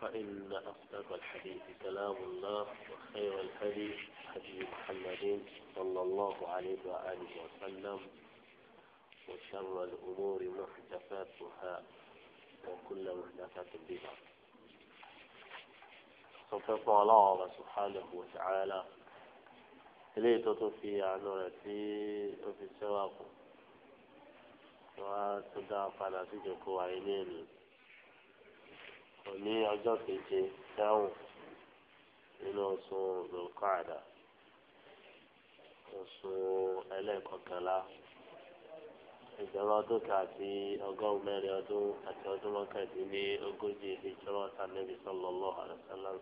فإن أصدق الحديث كلام الله وخير الهدي حديث محمد صلى الله عليه وآله وسلم وشر الأمور محدثاتها وكل محدثات بها سبحانه الله سبحانه وتعالى إليه تطفي عن رأسي وفي السواق وتدافع نتيجة عينين òní ọjọ́ keje dáhùn nínú oṣù lùkàdà oṣù ẹlẹ́kọ̀kànlá ìjọba ọdún kan àti ọgọ́rùn-ún mẹ́rin ọdún àti ọdún mọ́kàndínní ogójì ìjọba ọ̀tá níbi sallallahu alaihi wasallam.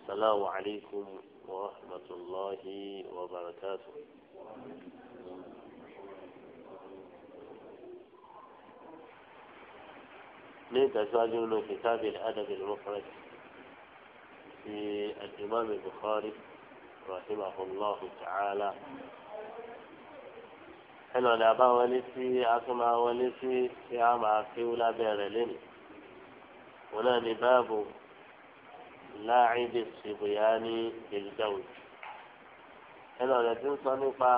السلام عليكم ورحمة الله ní ìtẹ̀síwájú nínú kìtàbí adàbí al-mufrad ti al-imam bukhari rahimahullahu ta'ala ẹnì ọ̀dà bá wọlé sí asọ́mà wọlé sí tí a máa kéwú lábẹ́rẹ̀ lẹ́nu wọn náà ní báàbò láàrídì sibuyani ìlúdàwù ẹnì ọ̀dà tí ń sọ nípa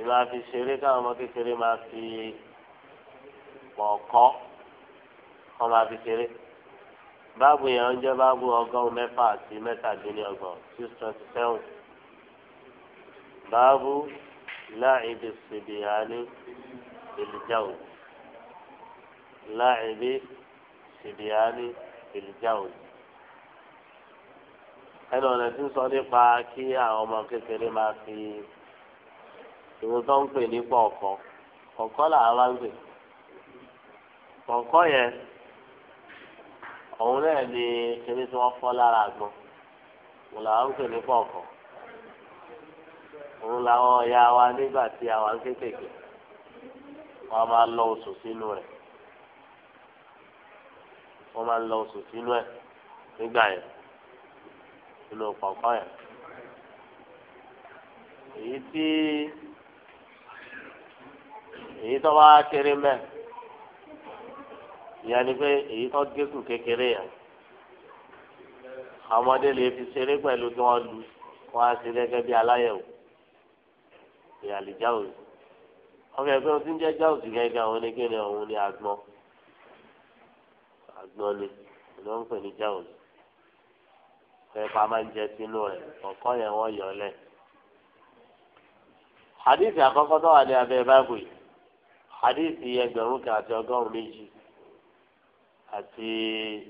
ìmáa fi ṣeré káwọn ọmọ kékeré máa fi kọ̀ọ̀kan kọ́ máa fi ṣeré báàbù yẹn ń jẹ́ báàbù ọgọ́rùn mẹ́fà àti mẹ́tàdínlọ́gbọ̀n six twenty seven báàbù láìbí sìbìhání ìlìjáwò láìbí sìbìhání ìlìjáwò ẹnu ọ̀nà tí ń sọ nípa kí àwọn ọmọ kékeré máa fi ìwòsàn ń pè ní pọ̀ ọ̀kan ọ̀kan làwọn máa ń pè kọ̀ǹkọ́ yẹn òun náà ni kíní tí wọ́n fọ́ lára àgbọn òun làwọn ń pè ní kọ̀ǹkọ̀ òun làwọn ọ̀ya wa nígbà tí ń kékèké wọ́n máa lọ oṣù sínú wọ́n lọ oṣù sínú ẹ̀ nígbà yẹn nínú yẹn èyí tí èyí tó ìyá ni pé èyí tó gégùn kékeré yẹn ọmọdé lè fi ṣeré pẹ̀lú kí wọ́n lu wọ́n á ṣe gẹ́gẹ́ bí aláyẹ̀wò ìyàlè jáwèé ọmọ ẹgbẹ́ ohun tí ń jẹ́ jáwèé gẹ́gẹ́ àwọn onígbẹ́ni ọ̀hún ni àgbọn àgbọn ni ni wọ́n ń pè ní jáwèé ẹ̀fọ́ a máa ń jẹ sínú rẹ̀ ọ̀kọ́ yẹn wọ́n yọ lẹ̀. hadith àkọ́kọ́ tó wà ní abẹ́ báàbò yìí hadith ẹgbẹ̀rún kan àti ọgọ́rùn-ún méjì. àti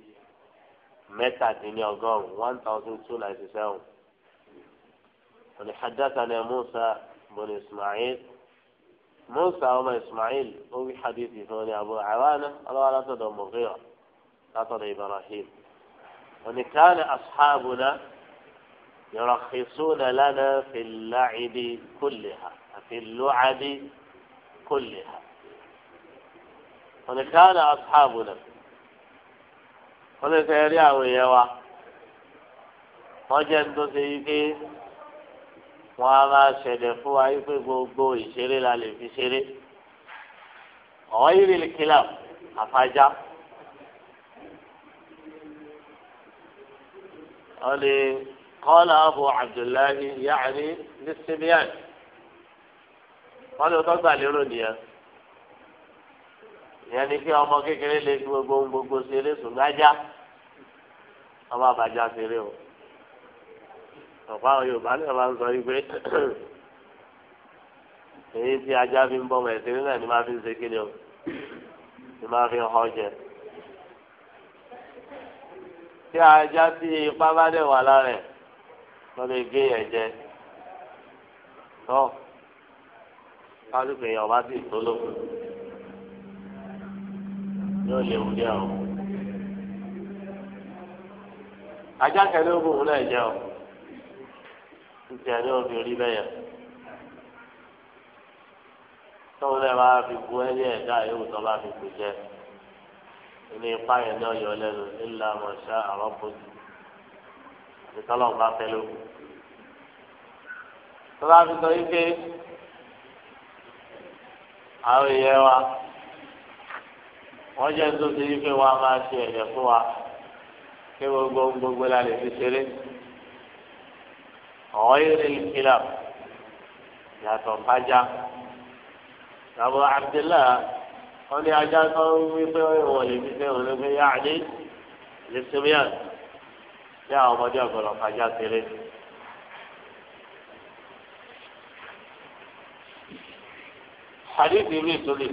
متعدين one thousand two ninety seven حدثنا موسى بن إسماعيل موسى وما إسماعيل هو حديث ثاني أبو عوانة الله لا تدعو مغيرة لا تدعو إبراهيم وإن كان أصحابنا يرخصون لنا في اللعب كلها في اللعب كلها وإن كان أصحابنا wọ́n lè fẹ́ rí àwọn èèyàn wa wọ́n jẹ́ ní tó ṣe yí pé wọ́n á máa ṣẹ̀dẹ̀ fún wa yí pé gbogbo ìṣeré la lè fi ṣeré ọ̀wọ́n yìí rí kílà àfájá. wọ́n lè kọ́lá Abu Abdullahi yaani nisimiyan wọ́n lè tọ́gbà lérò nìyẹn ìyẹn ni kí ọmọ kékeré lè gbogbo gbogbo ṣeré sùn lájá ọba àbájá fèrè o ọ̀pá yorùbá ní ọba ń sọ yìí èyí tí ajá fi ń bọ́ ọmọ ẹ̀sìn nílẹ̀ ni máa fi ń ṣe kíni o ni máa fi ń họ́ jẹ. tí ajá tí ipá bá dẹ̀ wà lára ẹ̀ lè gé yẹn jẹ tọ́ kálukú èèyàn ọba sì tó lókun yóò léwu díẹ̀ o. ajá kẹlẹ ó bòun náà jẹ o ìtẹ̀lé obìnrin bẹ́ẹ̀ tọ́wọ́ náà bá fi bu ẹyẹ ẹ̀dá yòówù tó bá fi kù jẹ ilé ipá yẹn náà yọ lẹ́nu ńlá mọ̀ṣá àrọ́bọ̀dì ìtọ́lọ́ọ̀ bá fẹ́ lóko tó bá fi sọ yìí àwọn èèyàn wa wọ́n jẹ́ tó ti wọ́n á máa ṣe ẹ̀yẹ fún wa kí gbogbo gbogbo la lè fi ṣeré ọ̀hún yìí kìlà yàtọ̀ fájá àbọ̀ abdullah wọ́n ní ajá tó ń wí pé wọ́n lè fi ṣe òun ló fi yá àdé lè ṣeré yàn bí àwọn ọmọdé ọ̀gọ̀rọ̀ fàjà tẹ̀lé. hadithi mi tóli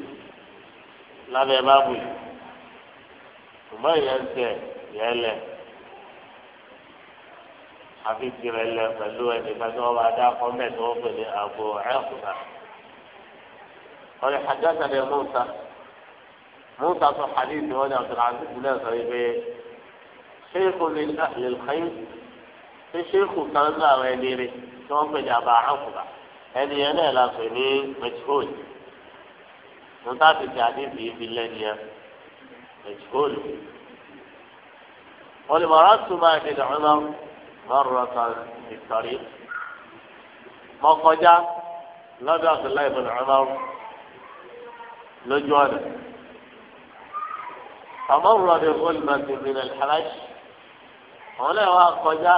lábẹ́ báàbù yìí ṣùgbọ́n ìyẹn ń tẹ̀ yẹn àfi tirẹ̀ lẹ pẹ̀lú ẹnìkan tí wọ́n bá dá kọ́mẹ̀ tí wọ́n pèlè àbò ẹ̀kúnà. ọ̀rẹ́ àjọṣe ni mùsà mùsà tó xadìsí wọn ni abdulhazi bílẹ̀ sọ yìí pé ṣéèkù ní àlèkàyè ṣé ṣéèkù kan ní àwọn ẹni rẹ tí wọ́n pèlè àbò ẹ̀kúnà ẹni yẹn náà la pè ní mẹtíkóòl mùsà ti ti àdìsí yìí fi lẹ́ni yẹn mẹtíkóòl. wọ́n lè mọ̀ ọ́ mọ́rọ́tà ìtọ́rí mọ́kọjá lọ́dọ̀ àtúnláì bọ̀dọ̀ ọlọ́run lójú ọ̀nà àmọ́ rọ̀dì olùmọ̀ tèmi nà lẹ́hàrájì àwọn náà wà kọjá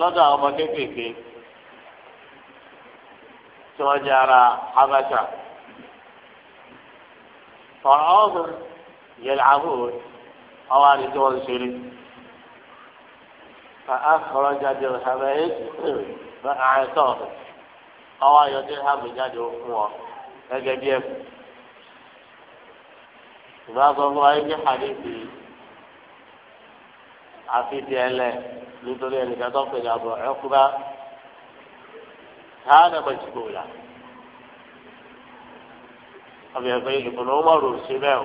lọ́dọ̀ àwọn ọmọ kéékèèké tí wọ́n jẹ́ ara Habasha fọ̀rọ̀ ọ̀hún yẹlẹ́ àbúrò. àwọn àlejò wọn ṣeré àkọrọ jáde ọ̀sàmẹ́ ẹ̀ àìsàn àwọn àyọ̀dé hàmì jáde fún ọ gẹ́gẹ́ bí ẹ̀kú. ìgbà sọ fún wa ẹgbẹ́ àfihàn ẹlẹ nítorí ẹnìkan tó pè ní bẹ́ẹ̀ o.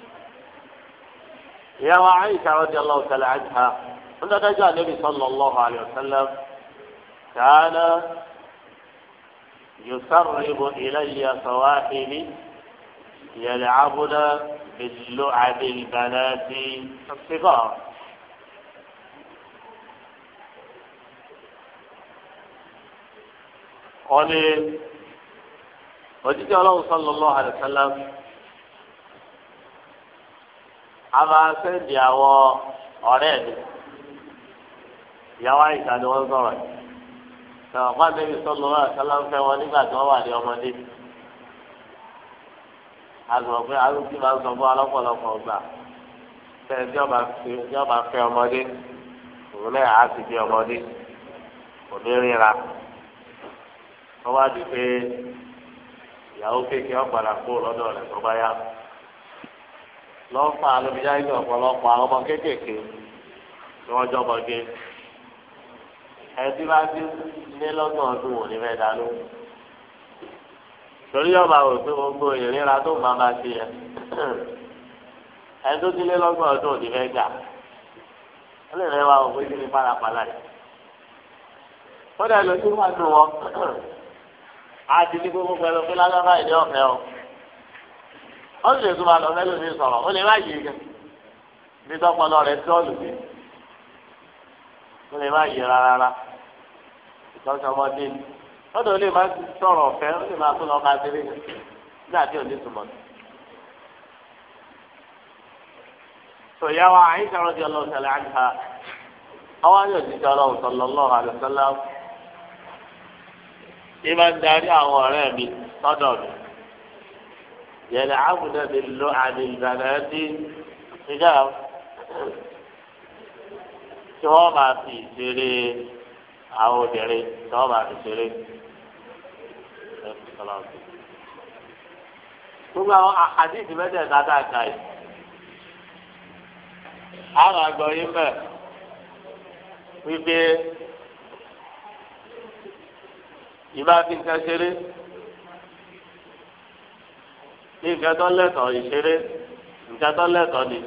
يا وعيشة رضي الله تعالى عنها عندما جاء النبي صلى الله عليه وسلم كان يسرب إلي صواحبي يلعبنا باللعب البنات الصغار قال وجد الله صلى الله عليه وسلم a máa sẹ́ǹdì àwọn ọ̀rẹ́ mi ìyàwó àyíká ni wọ́n sọ̀rọ̀ yìí sọ̀rọ̀ fún àdébí sọ́lọ́ wà sálánfẹ́ wọn nígbà tí wọ́n wà ní ọmọdé azọ̀ pé arúgbó máa ń sọ fún alọ́pọ̀lọpọ̀ gbà fẹ́ tí ọba fẹ́ ọmọdé òun náà á sì fi ọmọdé kò ní wọ́n wá di pé ìyàwó kékeré ọ̀padà lọ́dọ̀ rẹ̀ tó bá yá lọ́fà alóbìyá ìgbà ọ̀pọ̀lọpọ̀ àwọn ọmọ kéékèèké ni wọ́n jọmọ gé ẹtí bá dé ní lọ́gbọ̀n ọdún òní fẹ́ dá ló torí ọba wò pé gbogbo ìrìnra tó máa bá ṣe yẹ ẹni tó ti lé lọ́gbọ̀n ọdún òní fẹ́ gbà ó lè rẹwà òwe kí ni pálapàla yìí kódà lójú wà nù wọn á ti ní gbogbo pẹ̀lú pé lágbára ìdí ọ̀fẹ́ o. ọdún lè tún máa lọ fẹ́lẹ́ mi sọ̀rọ̀ ó lè má yí gan bí tọpọlọ rẹ tọ́ọ̀lù mi ó lè má yí rárá ìtọ́jú ọmọdé ni lọ́dọ̀ lè má sọ̀rọ̀ ọ̀fẹ́ ó lè má tún lọ ká délé nígbà tí túmọ̀ sọ̀yà wa ọlọ́run òjijì ọlọ́run ń darí àwọn yẹlẹ abudu bi lo alilbana ti ṣíjà tí wọn máa fi ìṣeré àwọn obìnrin tí wọn máa fi ṣeré gbogbo àwọn àdìsí mẹ́tẹ̀ẹ̀ta dáadáa yìí àwọn àgbọ̀ yìí mẹ́ wípé ìbá fi ń kẹ́ ṣeré nǹkan tó lẹ́tọ̀ọ́ ìṣeré nǹkan tó lẹ́tọ̀ọ́ ni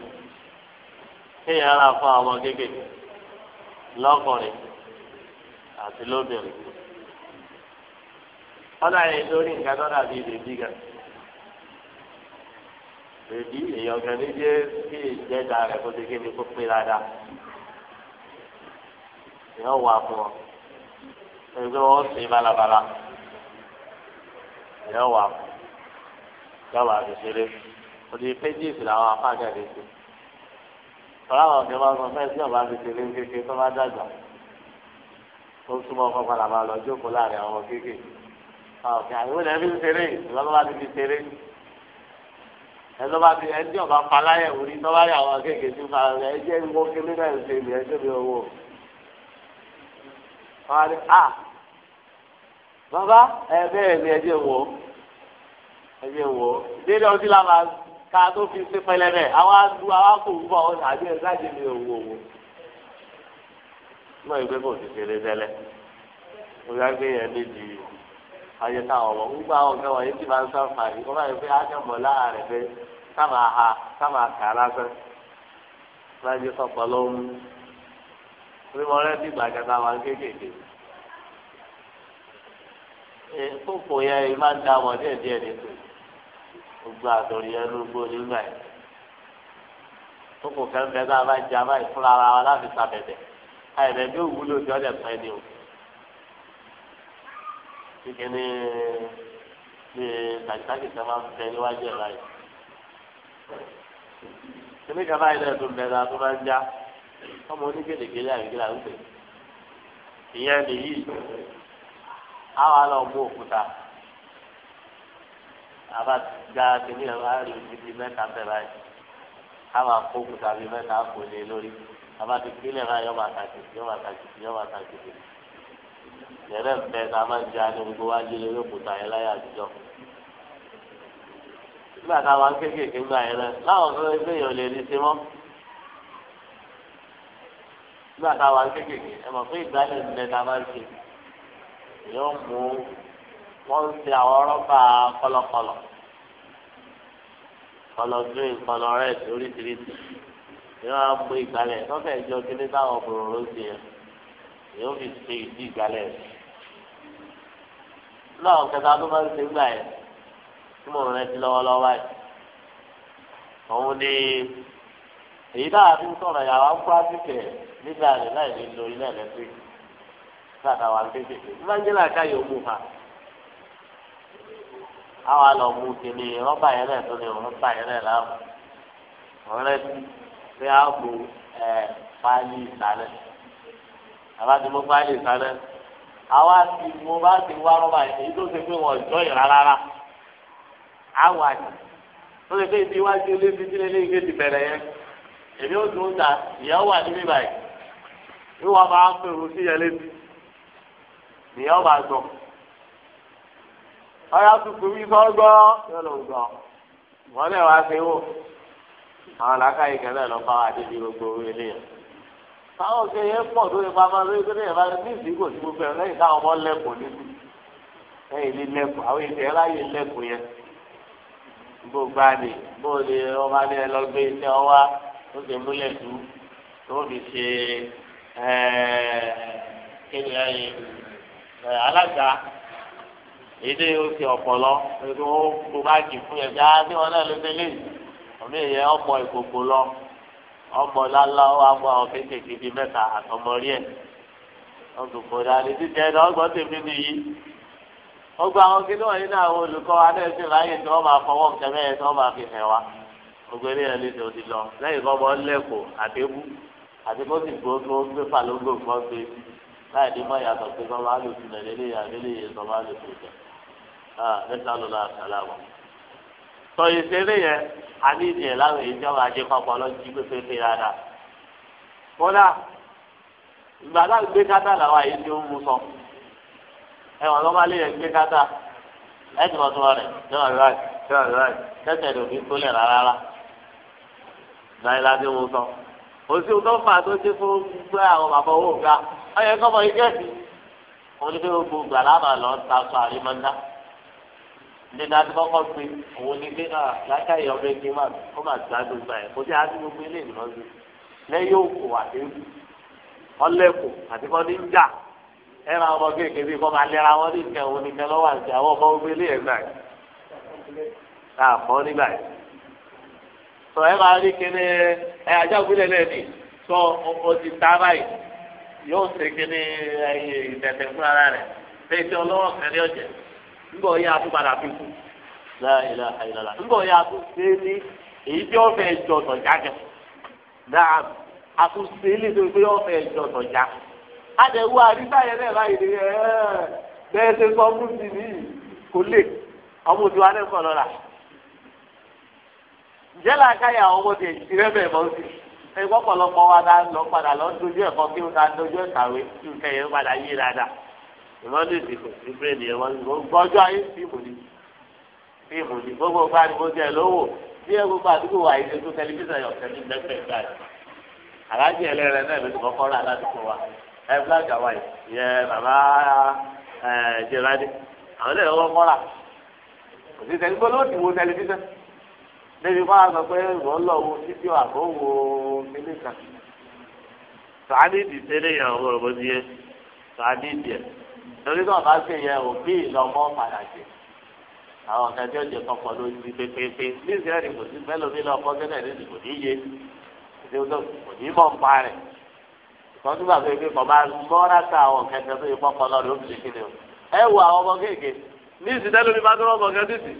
kéèyàn ra fún àwọn kéékèèké lọ́kùnrin àti lóbìnrin ọ̀dà yẹn lórí nǹkan tó dàbí bèbí gan bèbí èèyàn kan ní jẹ́ kí ìjẹ́ta rẹ̀ kó ti kéde kó pé dáadáa èèyàn wà fún ọ ẹgbẹ́ wọn sì balabala èèyàn wà fún ọ yọ̀wá àgbèsèré òdì péjìs làwọn afáàjáde sí tọ́lá àwọn ọ̀dẹ́ máa ń sọ fẹ́ẹ́ sí ọ̀bá àgbèsèré kékeré tó bá dàgbà ó súnmọ́ ọkọ̀ padà máa lọ jókòó láàrin àwọn kéékèèké ọ̀gá ìwé lẹ́ ń ṣeré ìlọ́lọ́wà ti fi ṣeré ẹlọ́ba ti ẹni ọba paláyẹ̀ orí tọ́ba yà wọ́n kéèké sí fa ẹ jẹ́ ìwọ kéré náà ń ṣe ìlẹ̀ ẹjọ́ mi owó. wọ́n á ní à bàbá ẹ bẹ́ẹ̀ ni ẹ jẹ́ wọ́n ẹyẹ wo dédé ọtí la máa ká tó fi ṣe pẹlẹbẹ àwa lu àwa kò wú bọ àwọn àbí ẹ sáàjì mi ò wò wò náà ìgbé kò ti ṣeré tẹ́lẹ̀ mo yá gbé yẹn méjì ayé táwọn ọmọ gbogbo àwọn ọ̀gá wọ̀nyí ti máa ń sàǹfààní kọ́ báyìí pé ákẹ́mọ̀ láàárẹ̀ pé ká ha ká máa kà á lásán máa jẹ́ sọ̀pọ̀ ló ń mú orí mọ́rẹ́ ti gbàgàdà wa kéékèèké fúnfún yẹn máa ń dá wọn díẹ̀ nítorí gbogbo àtọ̀rí ẹnu gbó nígbà yìí tó kò fẹ́ bẹ́ẹ̀ náà bá jẹ abáyé fúnra ara wa láti sàbẹ̀bẹ̀ àìrẹ̀ bí òwúlò tí ọ̀dẹ̀ pẹ́ ni o kíkẹ́ ní ní tàkìtàkì tẹ́ máa ń bẹ níwájú ẹ̀ báyìí kíní kan báyìí náà tó bẹ̀rẹ̀ máa ń já ọmọ onígbèdègbèlè àgbègbè àgbègbè ìyẹn nìyí àwa lọ mú òkúta àbá gba kìnìún ẹ̀rọ àárín ibi mẹ́ta bẹ̀ báyìí káwa kó kùtà bíi mẹ́ta kò lè lórí àbá ti kílẹ̀ náà yọ bàtà kìtì yọ bàtà kìtì yọ bàtà kìtì yẹ̀rẹ̀ bẹ̀ ká máa ń jẹ́ àní gbogbo wá délé yóò kùtà yẹn láyé àtijọ́ nígbà táwa kéékèèké gbà yẹn náà láwọn fẹ́ fẹ́ yẹn ò lè rí sí mọ́ nígbà táwa kéékèèké ẹ̀ mọ̀ fún ìgbàlẹ̀ wọ́n ń ṣe àwọn rọ́bà kọlọkọlọ kọlọ green kọlọ red oríṣiríṣi yóò wá mú ìgbálẹ̀ lọ́fẹ̀ ìjọ kíní táwọn òbòrò ló ṣe yẹn yóò fi ṣe ìdí ìgbálẹ̀ rẹ̀ lọ́wọ́ kẹta tó bá ń ṣe gbà yẹn tí mo rẹ ti lọ́wọ́lọ́wọ́ yẹn òun ni èyí náà fi ń sọ̀rọ̀ yàrá ń pa nígbà rẹ̀ láì ní lo iná ẹ̀lẹ́tíríkì àwọn àlọ́mú kele rọ́bà yẹn lẹ̀ tó lè rọ́bà yẹn lẹ̀ láàmú ọ̀rẹ́ tí pé a gbó ẹ̀ pálí ìsàlẹ̀ ti mú pálí ìsàlẹ̀ àwa ti mo bá ti wá rọ́bà yẹn èyí tó ṣe pé wọ́n jọ yìí rárá àwa ni tó ṣe pé ibi iwájú ilé ibi tí ilé ìgbé ti bẹ̀rẹ̀ yẹn èmi ò dùn ta ìyàwó wà níbí báyìí ìwà máa ń pèrò sí yẹn lébi ìyàwó máa gbọ́ ọyá tuntun bí sọgbọ yóò lọ gbọ wọn lè wá sí wò àwọn làákàyè kan náà lọ bá wa gbogbo eléyà táwọn òkè yẹn pọ̀ tó lè pa máa lórí gbẹdẹ yẹn bá ní ìsì kò sí gbogbo ẹ lẹ́yìn táwọn ọmọ lẹkùn níbi lẹ́yìn ní lẹkùn àwọn èdè ẹláyè lẹkùn yẹn bó gbá ni bó lè ọba ní ẹ lọ gbé ọwá ó sì múlẹ̀ tú tó fi ṣe ẹ kéde ẹ alága èdè yóò fi ọpọlọ èdè ó kó báàgì fún yẹn bíi àti wọn náà ló fi lé ọmọ èèyàn ọmọ ìkòkò lọ ọmọ lálá ó àwọn àwọn kéékèèké bíi mẹ́ta àtọmọ rí ẹ wọn kò kó dáa létí jẹ ẹdá ọgbọ́n tèmi nìyí wọn gba àwọn kí níwọ̀nyí náà àwọn olùkọ́ wa náà sì láàyè tí wọ́n máa fọwọ́ kẹmẹ́ yẹn tí wọ́n máa fi hẹ̀ wá gbogbo eléyàn lè tó ti lọ lẹ́yìn kọ́ bọ́ lẹ́kọ̀ọ́ àtẹ́kù àti sì gbó tó gbé fà lóńgbò láì dé mọ́ ìyàtọ̀ pé sọ́mọ́ àlòkù náà lélẹ́yìn àlélẹ́yìn sọ́mọ́ àlòkù náà nẹ́sàlùlá sàlámù. sọ ìṣeré yẹn àníjì ẹ̀ láwọn èyí tí wọ́n máa jẹ́ pápá rárá. kódà ìgbà gbé kátà làwọn àyè tí ń mu sọ. ẹ̀wọ̀n ló máa lé yẹn gbé kátà ẹ̀sìn ọ̀tún rẹ̀ náà ráì náà ráì tẹ́tẹ̀ ló fi kólẹ̀ rárá. báyìí láti mu sọ. òsì tó fà tó ti fún gbé àwọn bàbá owó ga ọ̀yẹ́ kọ́mọ ikẹ́sì. wọ́n ní pé gbogbo àlábà lọ ta sọ àrímọ́ndá nínú adúgbòkọ pé òun ní pé láká ìyá ọbẹ kí má kó má gbádùn gbà ẹ kó tí adúgbò pé lè lọ sí lẹ́yìn òkò àti ọlẹkùn àti kọ ní jà ẹ máa bọ kékeré kọ máa lẹra wọn ní ìkẹ òun ní kẹ lọ́wọ́ àti àwọn ọmọ ọgbẹ lè gbà ẹ tá a kọ nígbà ẹ sọ ẹ máa rí kíní ẹ ajá òkúlẹ̀ náà ní sọ o ti ta báyìí yóò ṣe kíní ẹ ìtẹ̀tẹ̀ fúnra rẹ̀ ńgbọ̀ yẹ atúpadà fi kú láìlà la ńgbọ̀ ya atúnṣe ní èyí tí wọ́n fẹ́ jọ tọ̀já jẹ dáa àtúnṣe ilé tó pé wọ́n fẹ́ jọ tọ̀já àdẹ̀wò àríṣàyẹ náà láyé ni ẹ bẹ́ẹ̀ ṣe sọ fún ti ní kò lè ọmọ òdi wa náà kọ̀ lọ́la jẹ́lá káyà ọmọ ti ìrẹ́bẹ̀ mọ́ sí i ẹgbọ́n pọ̀lọpọ̀ wa dá lọ padà lọ dojú ẹ̀kọ́ kí wọ́n dojú ẹ̀kàwé padà yé dáadáa ìmọ̀lẹ́ ìdìbò sí bírèdì ẹ̀ wọ́n gbọ́ ọjọ́ ayé fíìmù ni fíìmù ni gbogbo ọgbà ni mo jẹ lówó bí ẹ gbogbo àdúgbò wà yìí tó tẹlifíṣàn yọ tẹlifí lẹ́sẹ̀ gbà yìí aláàjì ẹlẹ́rẹ̀ náà ló ti kọ́kọ́ rà ládùúgbò wa ẹ black and white yẹ bàbá ẹ jẹrani àwọn ẹlẹ́rẹ̀ kọ́kọ́ rà kò sí tẹlifíṣàn ló ti wo tẹlifíṣàn débi kọ́ àgbà pé wọ́n torí náà bá ṣe yẹ òbí ìlọmọ padà ṣe àwọn ọ̀gá tí ó jẹ kọ́kọ́ lójú pépépé ní ìsirẹ́lì kò sí mẹ́lòmí lọ kọ́ sílẹ̀ nídìí kò ní yé ìdí ó kò ní mọ̀ ń pa rẹ̀ wọ́n tún gbàgbé pé kọ̀ọ̀bá mọ́ra ká àwọn kẹ̀kẹ́ tó yẹ kọ́kọ́ lọ́rẹ̀ ó fi kéde o ẹ wo àwọn ọmọ kéèké ní ìsirẹ́lòmí bá tó rọ́ọ̀mọ̀ kẹ́kẹ́ sì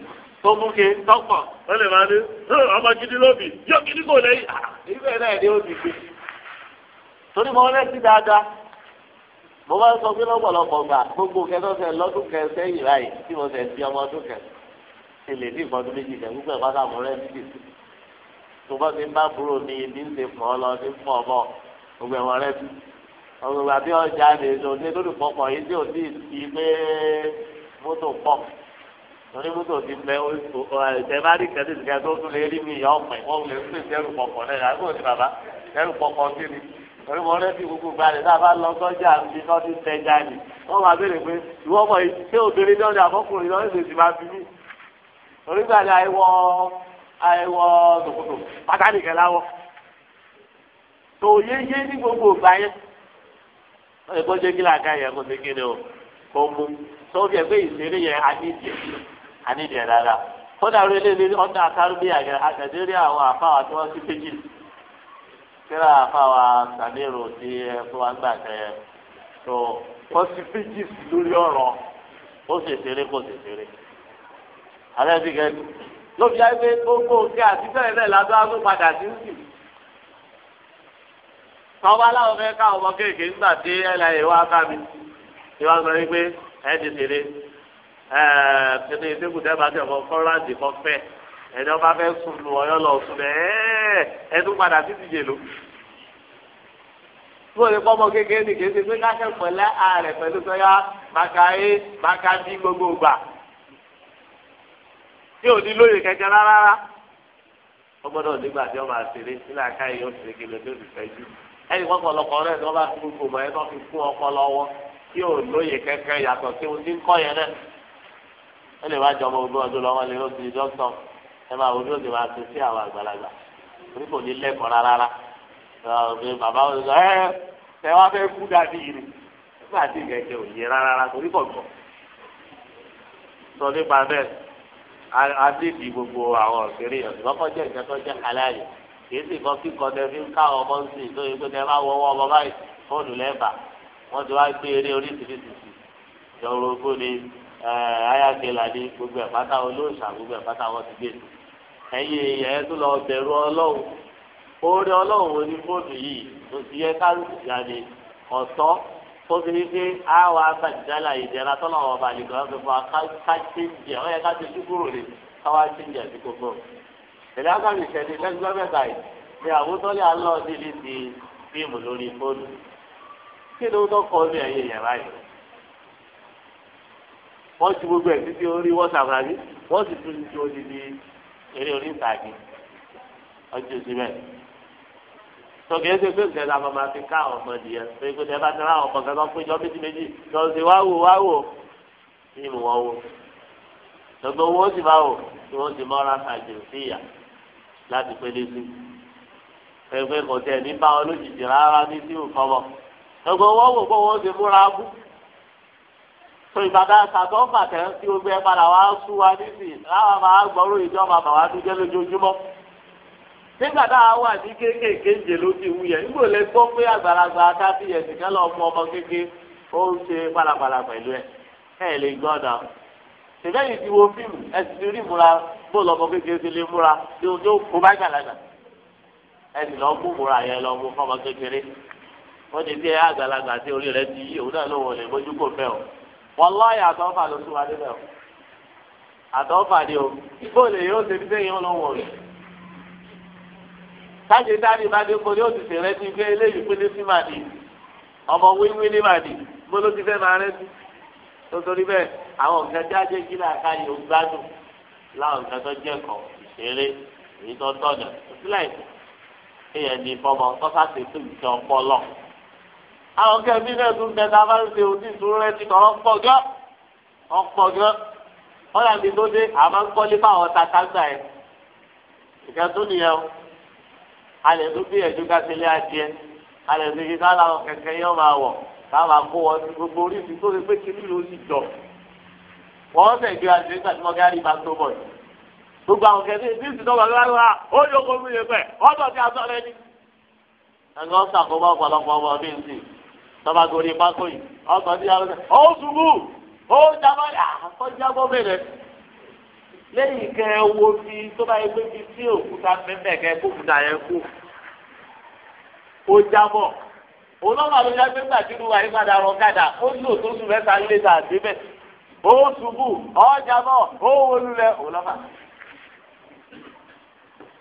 tó mú ké tọ́pọ̀ ó lè máa ní ọmọ gidi lóbi yọ gidi kò lẹ́yìn ah, mo máa ń sọ pé lọ́pọ̀lọpọ̀ gbà gbogbo kẹtọ́sẹ̀ lọ́dún kẹsẹ̀ yìí láì tí mo sẹ̀ fi ọmọ ọdún kẹ èlé ní ìfọdún méjì kẹ gbogbo ẹ̀fọ́ sàmú rẹ̀ ní ìsìn tó bá ti ń bá búrò ní ibi ń ṣe pọ̀ lọ sí pọ̀ bọ̀ gbogbo ẹ̀wọ̀n rẹ̀ bí ọ̀gbìn ìgbà tí ọjà lè lò ní lórí pọ̀pọ̀ yìí tí ò tí ì ti pé mọ́tò pọ̀ torí mọ́tò ti pẹ́ ìtẹ́márì kẹ́tẹ́tì kẹ́tẹ́ tó tún lè rí mi ìyá ọ̀pẹ̀ wọ́n lè ń pèsè torí mo rẹ́ bí gbogbo gbalẹ̀ tá a bá lọ sọ́jà níbi tó ti tẹ jáde wọ́n máa béèrè pé ìwọ ọmọ yìí ṣé obìnrin náà ni àbọ́kùnrin náà ṣe ti máa fi mí torí gbalẹ̀ àìwọ àìwọ tòkòtò pátánì kẹláwọ tó yéyé ní gbogbo ìgbà yẹn wọ́n yẹ kó ṣe kí làákà yẹn kó ṣe kí ni o kó mú tó fi ẹgbẹ́ ìṣeré yẹn anídìí anídìí ẹ̀ dáadáa kódà orílẹ̀-èdè ọ̀dà kárúbíà yẹn àtẹ̀dẹ́rẹ́ àwọn àfáà tí wọ́n ti péjì síra àfàwà sàmìrò tí ẹ fún wa gbà tẹ tó wọ́n ti pages lórí ọ̀rọ̀ ó sì ṣeré kò sì ṣeré alẹ́ bí kẹ́ni ló fi ayé pé gbogbo òkè àti bẹ́ẹ̀ bẹ́ẹ̀ ládùn ágbó padà sí ń sì tọ́ba láwọn fẹ́ káwọn ọmọ kéèké nígbà tí ẹ̀la ìwà ká mi ìwà sọ wípé ẹ̀ ti ṣeré ẹ̀ẹ́dẹ́gbẹ̀dẹ́gbẹ̀dẹ́ bá tẹ̀ fọ́ fọ́nrán àdìkọ́ fẹ́ ẹ̀dọ́ bá fẹ́ sùn lù ọ̀yọ́ lọ sùn bẹ́ẹ̀ bẹ́ẹ̀ ẹ̀dùn padà sí ti jèlò. Tí o lè kọ́ ọmọ kékeré nìkan ṣe pé káṣẹ́ pẹ̀lẹ́ ààrẹ pẹ̀lú sọ́yà màkà é màkà bí gbogbo gbà. Tí ò ní lóye kẹ̀kẹ́ rárá. Ọgbọ́dọ̀ nígbà tí wọ́n máa ṣeré sílẹ̀ àká yìí ó ṣe kele tó ti fẹ́ jù. Ẹni kọ́kọ́ lọkọ̀ rẹ̀ tí wọ́n bá fi gbogbo mọ̀ ẹ́ tó fi fún ọkọ lọ́wọ́ tí ò lóye kẹ̀kẹ́ yàtọ̀ sí ohun tí ń kọ́ yẹn náà ẹ lè wá jọ ọmọ ogún ọdún lọ́wọ́ lè ló torí kò ní lẹ́kọ̀ọ́ rárá ọ̀gbìn bàbá wọn sọ ẹ ẹ wá fẹ́ kú dàbí yìí nígbà tí ìgbẹ́jẹ ò yẹ rárá torí kò gbọ́ sọ nípa bẹ́ẹ̀ adéèdì gbogbo àwọn òṣèré yẹn ìgbọ́kọ̀ jẹ́ ìjẹ́ tó jẹ́ aláyọ̀ kì í sì kọ́ kíkọ́ tẹ fi ń káwọn ọmọ ń sìn tó yẹ pé tẹ bá ọmọ báyìí fóònù lẹ́bàá wọ́n ti wá gbé eré oríṣiríṣi ìjọ orogún ni ayákẹ́lá ní gbogbo ẹ̀ pátá olóòṣà gbogbo ẹ̀ pátá wọn ti gbé sí ẹ̀yin èèyàn tó lọ bẹ̀rù ọlọ́run orí ọlọ́run wo ni fóònù yìí kò sí yẹ káàdì jáde ọ̀tọ́ ó fi wípé á wà bàjẹ́là ìdẹ́ra tọ́lọ̀ wọn bá lè gbọ́dọ̀ fún wa ká ṣéǹjẹ̀ ó yẹ ká ṣe dúkúrò rè káwá ṣéǹjẹ̀ sí gbogbo. ìdá kan ìṣẹ̀lẹ̀ lẹ́gbẹ́ mẹ́ta yìí ni àwòtọ́lẹ̀ alọ́ nílé ti fíìmù lórí fóònù kí ló tó kọ́ ní ẹ̀yìn ìyàrá yìí wọ́n ti gbogbo ẹ̀ títí orí wọ́sàpù àbí wọ́n sì tún ti eré orí ìtàgé ọjọ́ síbẹ̀ tọ́kì ẹ́ ṣe pé ìṣẹ̀lẹ̀ la máa fi ká àwọn ọmọdé yẹn pé kó tẹ́ bá tẹ́ láwọn ọmọ kankan pé jọ méjì méjì lọ sí wá wò wá wò ní ìmú wọn wò gbogbo owó sì bá wò tí wọ́n ti mọ́ra ṣàjò sí ìyà láti pé lé sí pé pé kò tẹ̀ ní bá wọn lójijì rárá ní sí ìfọwọ́ gbogbo owó wò kó wọ́n ti múra bú. so ìbàdàn àtàtọ́ fàtẹ́ tí o gbé padà wá sú wa nísìnyí láwọn máa gbọ́rọ̀ ìjọba bàbá tó jẹ́ lójoojúmọ́ nígbà tá a wà ní kéékèèké jè ló ti wuyẹ nígbò lè gbọ́ pé àgbàlagbà tábí yẹn nìkan lọ mú ọmọ kéke ó ń ṣe pàlàpàlà pẹ̀lú lè ti wo fíìmù ẹ sì ti rí ìmúra bó kéke ti lè múra tí o tó kó bá gbàlagbà wàláyé àtọ́fà ló tún wa débẹ̀ o àtọ́fà ni o bóòlù yóò ṣe fi sẹ́yìn ọlọ́wọ́ rẹ̀ káṣe dáadé bá dé kórè òtún ṣe rẹ́sí pé eléyìí pínlẹ̀ sí màdì ọmọ wíwí ní màdì bólú ti fẹ́ máa rẹ́sí nítorí bẹ́ẹ̀ àwọn nǹkan tí a jẹ́ kí láàká yìí ó gbádùn láwọn nǹkan tó jẹ́ kọ̀ ìṣeré èyí tó tọ̀nà òsínláì kéèyàn ní ìfọmọ tó sáà àwọn kẹ́mi náà tún bẹ tá a bá ń ṣe òtí ìṣòro rẹ ti tọrọ pọ̀ gán ọ̀pọ̀ gán wọ́n yà mí tó dé àmọ́ ń kọ́lé fáwọn ta káńtà yẹn ìkẹ́ tó nìyẹn o alẹ́ tó bí ẹ̀jú kásílẹ̀ adìẹ alẹ́ tó yí sáà làwọn kẹ̀kẹ́ yẹn máa wọ̀ káwọn kó wọn sí gbogbo oríṣi tó ṣe pé kí nílò sí jọ wọ́n sẹ̀ gbé adìẹ nígbà tí wọ́n gárí máa tó bọ̀ gbogbo àwọn kẹ̀kẹ́ tí ìsìn tó wà lọ́wọ́ ó yọ kó mú yẹn tọ́ba gorí pákó yìí ọkọ̀ tí a lọ́sẹ̀ ó ṣubú ó jábọ́ àkọ́jábọ́ bẹ̀rẹ̀ lẹ́yìn kẹ wo fi tó bá yẹ pé fi sí òkúta mẹ́mẹ́ kẹ kó òkúta yẹn kú ó jábọ̀ olóòwò àlọ́ yá gbégbà tí irú wa yìí padà rọ kádà ó ní òtóṣù mẹ́ta lé ta àdébẹ̀ ó ṣubú ó jábọ̀ ó wọlúlẹ̀ olóòwò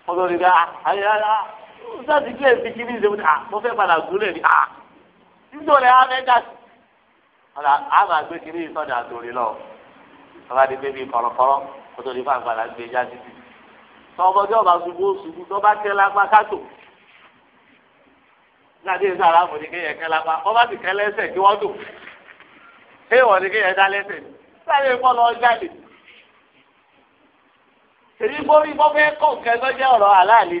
ọ̀sọ̀ nìkan àyà ọ̀sọ̀ ti kílẹ̀ ti kiri ìṣẹ́wọ́n ni à mo fẹ́ padà gúnlẹ̀ ni à. Ah, nígbò rẹ̀ ámẹ́ dà sí. àmà gbé kiri ìsọ̀dà àtòrí lọ ọba di pé kọ̀rọ̀kọ̀rọ̀ kó tó di fún àgbàlá gbé e já títì. sọ ọmọdé ṣubú ṣubú tó bá lápá kátó. láti ẹ̀sán aláàbò ni kéèyàn kẹ́ lápá ọba sì kẹ́ lẹ́sẹ̀ kí wọ́n dùn. èèwọ̀ ni kéèyàn dá lẹ́sẹ̀ ni. sáré kọ́ lọ jáde. èyí bórí bọ́ fẹ́ kọ̀ọ̀kẹ́ lọ́jọ́ ọ̀rọ̀ àláàlẹ́ ni.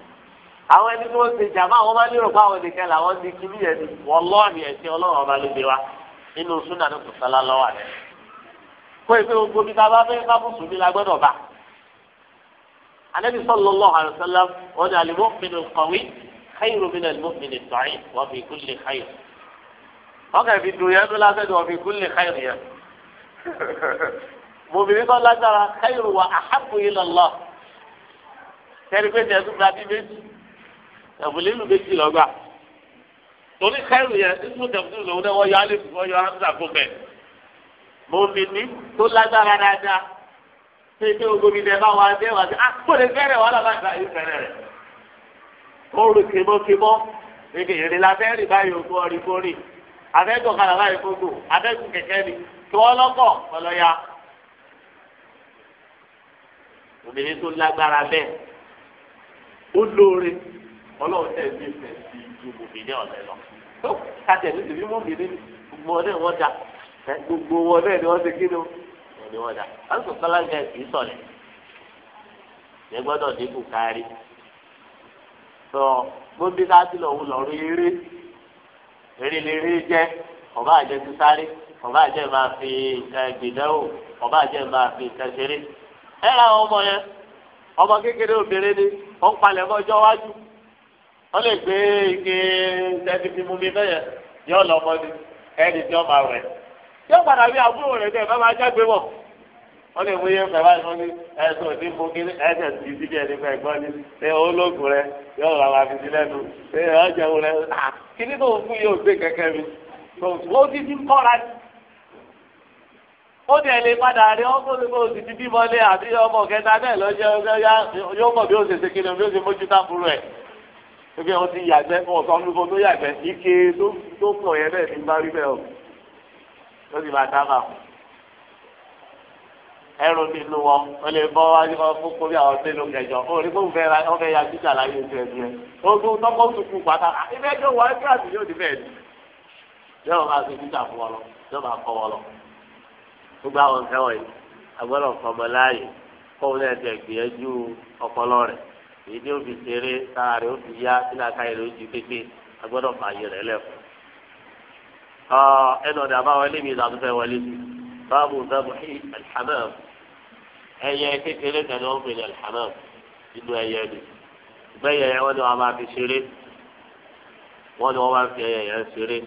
àwọn ẹni tí wọ́n ṣe jàmbá àwọn máa lérò pé àwọn nìkan làwọn di kí nìyẹn ni wọ́n lọ́ọ̀nì ẹ̀sìn ọlọ́run ọba ló gbé wa nínú súnà ní kò sálá lọ́wọ́ rẹ̀. kó ìpè gbogbo bíi bàbá fẹ́ bá mùsùlùmí la gbọ́dọ̀ bá. Ànábì sallallahu alaihi wasallam wọn ni al-mu'minu al-qawi khayru min al-mu'mini ad-da'if wa fi kulli khayr. wọ́n kàn fi dùn yẹn tó lásán tẹ̀fùlì lù méjì lọ́gbà torí kẹrù yẹn nínú tẹ̀fùlì lòun náà wọ́n yọ alẹ́ fún ọyọ hamza fún bẹ́ẹ̀ mọ̀mìnì tó lágbára dáadáa ṣé ilé ogomi dẹ̀ bá wà dé wà sí àkókò ah, fẹ́rẹ̀ wà lábàá ìgbà yìí fẹ́rẹ̀ rẹ̀ ó rò kémọ́kémọ́ èdè èrè la fẹ́ rìn báyìí ogun ọ̀rì borí afẹ́gùn kan lábàá ìfogbò afẹ́gùn kẹ̀kẹ́ ni tí wọ́n lọ́kọ̀ ọlọ́ya obìnrin tó lágbára bẹ́ẹ̀ ó lóore. ọlọ́run tẹ̀ ní ìfẹ́ sí ju ọ̀lẹ́ lọ. tó kàtẹ́ ní ti fi mòmìnir gbogbo ọdẹ wọn da gbogbo ọdẹ ni wọn ti kí ni wọn ni wọn da. láti sọ́láńgà kìí sọ̀lẹ̀ gbọ́dọ̀ dínkù kárí. sọ gbóbi lọ́rọ́ eré eré jẹ́ ọba àjẹ ti sáré ọba àjẹ máa fi nǹkan ọba àjẹ máa fi nǹkan ṣeré. ẹ ra ọmọ yẹn wọ́n lè gbé ike tẹ́tí fi mú mi bẹ́yẹn yọ lọ mọ́ ni ẹni tí wọ́n máa rẹ̀ tí wọ́n padà rí àbúrò rẹ̀ tẹ̀ bá máa jágbe mọ̀ wọ́n lè wúyẹ́ pẹ̀lú àwọn ní ẹ̀sùn òdì mú kí ẹ̀sẹ̀ ti ti bíẹ̀ nípa ẹ̀gbọ́n ni ṣé ológun rẹ yóò rà wá fìdí lẹ́nu ṣé ọ̀jẹ̀wò rẹ kí nínú gbé mi ti ti kọ́ra ó padà rí ọkọ tó ti bímọ àbí ọmọ ebi àwọn ti yàgbẹ́ fún ọ̀sán olúkọ tó yàgbẹ́ ike tó pọ̀ yẹn bẹ́ẹ̀ ti bá rí bẹ́ẹ̀ o tó ti bá dábà ẹrù nínú wọn wọn lè bọ́ wájú wọn fún kórí àwọn nínú kẹjọ ó rí kó fẹ́ ọ fẹ́ ya títà láyé oṣù ẹ̀dí ẹ̀ ogun tọ́kọ́ tukù pátá ibẹ̀ tó wà á kíláàsì yóò di bẹ́ẹ̀ ni yóò máa ṣe títà fún wọn lọ yóò máa kọ́ wọn gbogbo àwọn nǹkan wọ̀nyí agbọ́dọ̀ fọmọ láàyè kóun náà ti ẹ̀gbìyànjú ọpọlọ rẹ̀ èyí tí ó fi ṣeré tára rẹ̀ ó fi yá sílẹ̀ káyọ̀ ló ju pépé a gbọ́dọ̀ fààyè rẹ̀ lẹ́fọ̀. ẹnu ọ̀dà bá wọlé mi ẹyẹ kékeré kan ní wọ́n ní nínú ẹyẹ ni gbẹ́yẹ ya wọ́n ní wọ́n máa fi ṣeré wọ́n ní wọ́n máa fi ẹyẹ yẹn ṣeré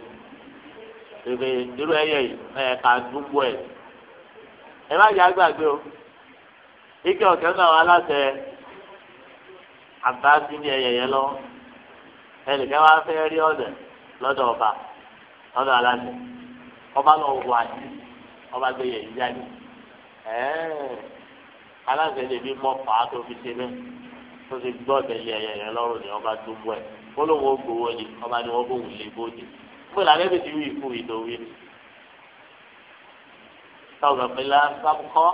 pépé ẹyẹ yìí ká dúpọ̀ ẹ̀ ẹ má o ike ọ̀kẹ́ náà aláṣẹ àbáàsì ní ẹyẹyẹ lọ́wọ́ ẹnìkan wá fẹ́ rí ọ̀dẹ̀ lọ́dọ̀ ọba lọ́dọ̀ aláṣẹ ọba lọ wọ àti ọba gbé yẹ yíyá ni aláṣẹ lè fi mọ pàá tó fi ṣe bẹ́ẹ̀ tó ti gbọ́ ọ̀dẹ̀ yẹ ẹyẹyẹ lọ́rùn ni ọba tó bú ẹ̀ kólówó gbowó ni ọba ni wọ́n bó wù lé bóde fún ìlànà ètò ìwé ìfún ìdòwé sọ̀rọ̀ pé lásán kọ́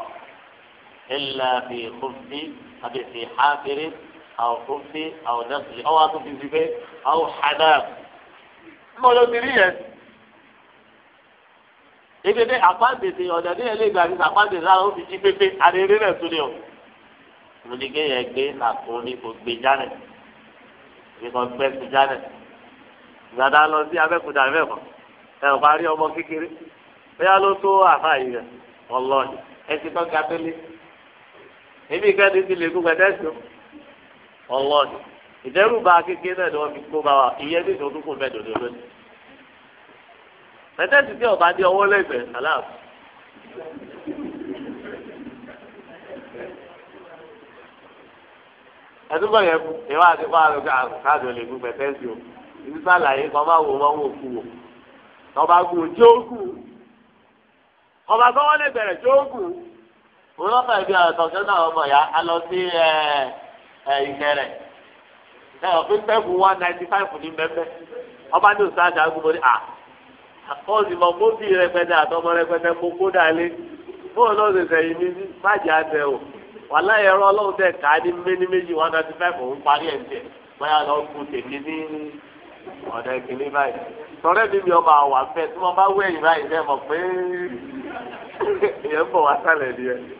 ẹ̀ làbẹ̀ òfin àbẹ̀fẹ̀ hábẹ̀rẹ̀ àwọn fúnfin àwọn nàfìlì ọwọ́ àtúntì في pé àwọn hàdà ما ló ti rí yẹn. ebi dé àpáǹdèsè ọ̀dà ní ẹlẹ́yìn gbàgbé àpáǹdèsè àwọn ó fi jí pépé àdéhùn rẹ̀ tún ni o. mo ní kéèyàn gbé làkúnrin kò gbé jálẹ̀ ìkọ̀ gbẹ sí jálẹ̀ gbàdá lọ sí abẹ́kúta mẹ́fọ̀ ẹ̀ ò bá rí ọmọ kékeré bóyá ló tó àfa yìí rẹ̀ ọlọ́ọ̀ni ẹ ti tọ́ ga tẹ́lẹ̀ èmi kẹ́ni ti lè kú gbẹdẹ́sì ọlọ́ọ̀nì ìdẹ́rùbà kékeré náà ni wọ́n fi kó bá wa ìyẹn ní ìdọ́dún kò mẹ́ẹ̀dọ̀ ní olóòtú. pẹ̀tẹ́sì tí ọba dé ọwọ́ lẹ́gbẹ̀ẹ́ aláàf. ẹdúgbò yẹn kú ìwà àti fáwọn káàdì olè kú pẹ̀tẹ́sì o ìdí sàlàyé kan bá wò wọ́n wò kú wò ọba kú tí ó kú ọba tó wọ́n lè bẹ̀rẹ̀ tí ó kù òun lọ́kàn ibi àtọ̀kẹ́ náà ọmọ yá a lọ sí ẹ̀ẹ́. ìkẹrẹ ẹ ọ̀fin pẹ́ẹ́kù one ninety five ní mẹ́fẹ́ ọba ní òsán àti agbóbo ní à àkọọ́sì mọ mọ́bí rẹpẹtẹ àtọmọ rẹpẹtẹ mo kó dalé fóònù náà ṣẹṣẹ yìí ní bàjẹ́ àtẹ o wàhálà ẹ̀rọ ọlọ́run tẹ̀ ká ní méní méjì one ninety five òun parí ẹ̀ tiẹ̀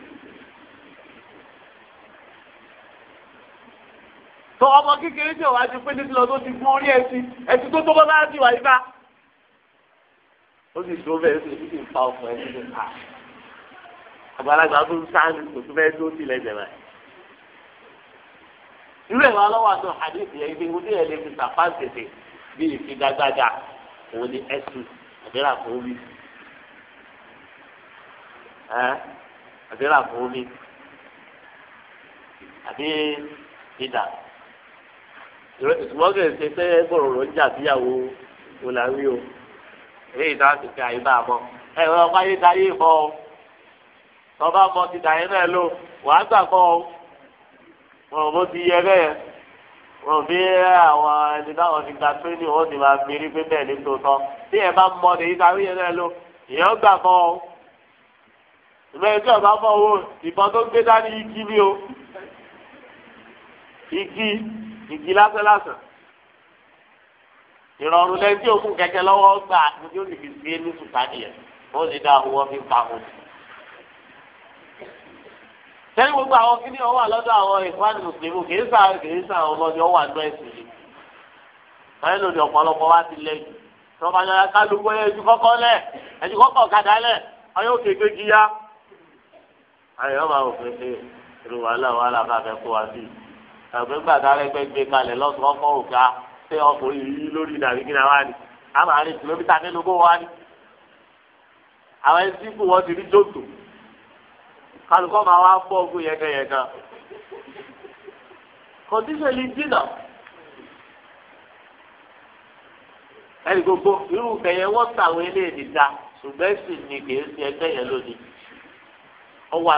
tọ ọmọ kékeré tí òwájú pé títí lọ tó ti gún orí ẹtì ẹtì tó tó bọ́ bá ti wà yíká. ó sì tó bẹ́ẹ̀ ó sì ń pa ọkùnrin ẹtì tó ta àgbàlagbà tó ń sáájú kò tó bẹ́ẹ̀ tó tilẹ̀ jẹ̀mẹ̀. irú ẹ̀rọ alọ́wọ́ àti hadith yẹn ibi ìwúdí ẹ̀ lè fi sàpá tètè bí ìfigagbága òun ni ẹ̀sùn àdéhà fún mi. àdéhà fún mi. àbí ìdá ìtumọ̀kẹ́ ṣe pé gbòòrò ń jà síyàwó òlàwí o èyí náà ti fi àyè bá a mọ ẹ̀rọ ọ̀páyé dayé mọ́ ọ tọ́ba mọ ti dàyé náà lò wàá gbà kọ́ ọ wọn ò bó ti yẹ bẹ́ẹ̀ wọn ò bí àwọn ẹni táwọn ti gba tírénì wọn ti máa mérí pé bẹ́ẹ̀ ní tòótọ́ tí ẹ bá mọ ní ìdarí náà lò ìyẹn gbà kọ́ ọ ìmọ̀ tí ọba mọ owó ìbọn tó gbé dání igi ni o igi ìjì lásán lásán ìrọ̀rùn lẹ́yìn tí òkú kẹ̀kẹ́ lọ́wọ́ gbà níbi ó sì fi sí ní sùpàdé yẹn wọ́n lè dá owó fi pa wọn. sẹ́yìn gbogbo àwọn kíní ọwọ́ àlọ́dọ̀ àwọn ìfúnni mùsùlùmí kì í sà kì í sà àwọn ọmọdé ọwọ́ àgbẹ̀ ẹ̀sìn yìí. báyìí lòdì ọ̀pọ̀lọpọ̀ wá ti lẹ́yìn tí wọ́n bá yára kálukú ẹ̀jú kọ́kọ́ lẹ̀ ẹ̀jú kọ́kọ́ kàdá lẹ̀ ayọ́ kéke jíya. ayọ̀ máa wò pé ẹ àgbẹ̀ gbàdá rẹpẹ́ gbé kalẹ̀ lọ́sùn ọkọ̀ òkà ṣé ọkùnrin yìí lórí ìdàrí kí ni àmà àárín kìlómítà nínú kó wá ní. àwọn ẹni tí kù ti rí jòtò kálukọ́ máa wá fọ́ ọkùn yẹkẹyẹkan. kọ́ndíṣẹ̀ lè dínà ẹnì gbogbo irú kẹyẹ tàwọn eléyìí ṣùgbọ́n ni kìí ṣe ẹgbẹ́ yẹn lónìí. ó wà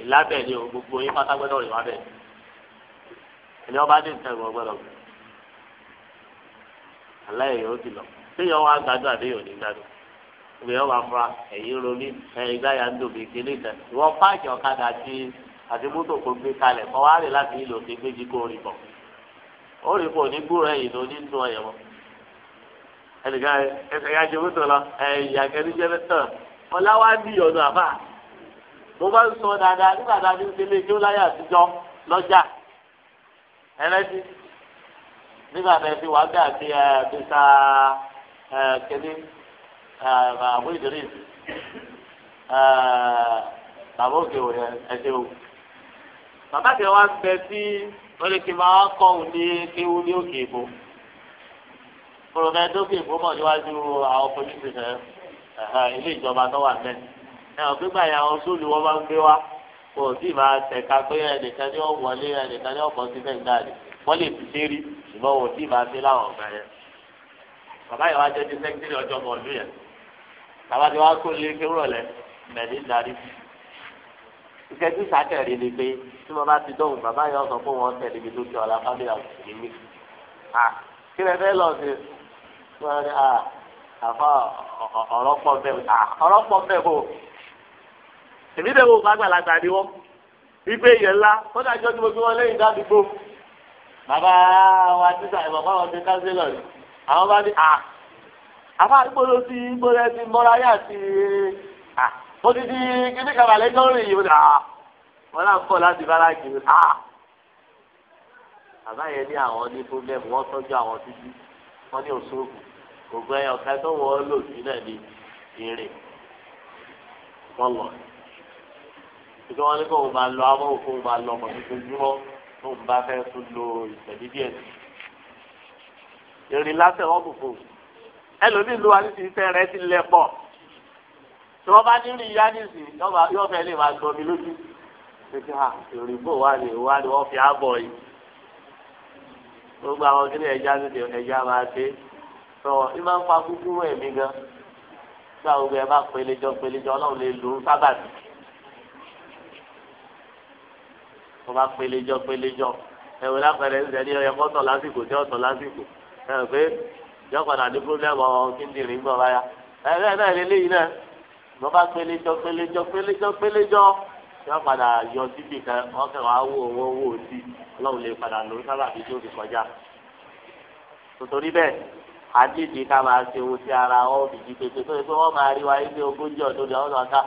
ìlábẹ̀ ni o gbogbo yín pátá gbọ́dọ̀ rìn wá bẹ̀ ẹni ọba dín nǹkan ìwọ gbọ́dọ̀ gbọ́ aláyẹ yóò ti lọ téèyàn wá gbádùn àbíyàn ò ní gbádùn ìgbéyàwó máa fura ẹ̀yìn ronú ẹ̀yìn gbáyà ń dòbí kíní tẹ̀ ìwọ páàkì ọ̀kadà àti àti mọ́tò kò gbé kalẹ̀ kọ́ wá rè láti ìlò òfin méjì kó rìn bọ̀ ó bọ̀ ní gbúrò ẹ̀yìn ló ní nù ọ̀yẹ̀ wọn ẹnìkan mo bá ń sọ dáadáa nígbà tá a fi ń ṣe léèké láyé àtijọ́ lọ́jà ẹlẹ́tì nígbà tá a fi wàá gbé àti ẹ bísà àbú ìdírí bàbá òkè wò yẹn o bàbá kẹ wá ń sí olùkí máa kọ́ òun ní kéwú ní òkè ìbò kòròmẹ́ẹ́dókè ìbò mọ̀ níwájú àwọn polisi ilé ìjọba tó wà mẹ́rin ẹ ọ̀ gbígbà yẹn àwọn sóòlù wọn máa ń gbé wá kò sí máa tẹ̀ka pé ẹnìkan ní ọ̀wọ́ lé ẹnìkan ní ọ̀pọ̀ sí bẹ́ńgà rẹ̀ wọ́n lè fi lérí ṣùgbọ́n wò sí máa fi láwọn ọ̀gá yẹn. bàbá yẹn wá jẹ́ ti sẹ́kítírì ọjọ́ mọ̀ọ́lù yẹn bàbá ti wá kó lé kéwúrọ̀lẹ́ mẹ̀lí darí. ìkẹ́jú sátẹ̀rì ni pé tí mo bá ti dọ̀hùn bàbá yẹn sọ fún wọn tẹ̀lé mi lókè ọ̀la fábíyà òsì kí lẹ fẹ́ lọ sí ọ̀rọ̀ pọ̀ bẹ́ẹ̀ bò èmi dẹ̀ wò gbàgbàlagbà ni wọ́n wípé èèyàn ńlá wọ́n dájọ́ tí mo fi wọn lẹ́yìn dádúgbò bàbá wa títà ìmọ̀ báwọn ti kánsílọ̀ rẹ̀ àwọn bá ní à àfa àgbòdo sí gbòdẹ sí mọ́ráyà sí à mo ti di kíní kàbàlẹ̀ tó rìn yìí à wọn náà kọ́ láti bára kiri à bàbá yẹn ní àwọn ní fúnlẹ́mù wọ́n tọ́jú àwọn títí wọ́n ní òṣogbo ògùn ẹ̀yọ̀ kẹtọ́ wọ́n lò sí náà ní ìrìn wọ́n lọ ṣùgbọ́n wọn ní kó o máa lọ amọ́ òkú o máa lọ ọmọ tuntun tó ń bá fẹ́ tún lo ìtẹ̀lé díẹ̀ sí. ìrìn lásẹ̀ wọ́n kò fò ẹlòmíì ló wà ní ti iṣẹ́ rẹ ti lẹ̀ pọ̀ tí wọ́n bá nírú ìyá nìsín yóò fẹ́ lè máa gbọmi lójú pẹ̀lú à ìrìn bò wá ní wá ní wọ́n fi àbọ̀ yìí gbogbo àwọn kí ni ẹja ní ẹja máa dé sọ ẹ máa ń fa kúkúrú ẹ̀mí gan gbà gbogbo ẹ bá pelejọ pelejọ ọlọ́run lè lò ó sábàtì. tó bá péléjọ péléjọ ẹ̀wẹ̀ lápẹẹrẹ ń sẹ́ni ọyẹ kọ́tọ̀ lásìkò tí ọ̀tọ̀ lásìkò ẹ̀wẹ̀ pé yọ̀padà ní pírọ́blẹ́mù ọ̀hún kíndìnrín gbọ̀ báyà ẹ̀rẹ́ náà lélẹ́yìn náà mo bá péléjọ péléjọ péléjọ péléjọ yọ̀padà yọ síbi kan ọkẹ́ wàá wò owó owó sí ọlọ́run lè padà lò ó sábà bíi tó fi kọjá tòtòrí bẹ́ẹ̀ àdìdì ká máa ṣe owó sí ara wọn fi jí pépé tó pé wọ́n máa rí wa ilé ogójì ọdún ni àwọn ọ̀ká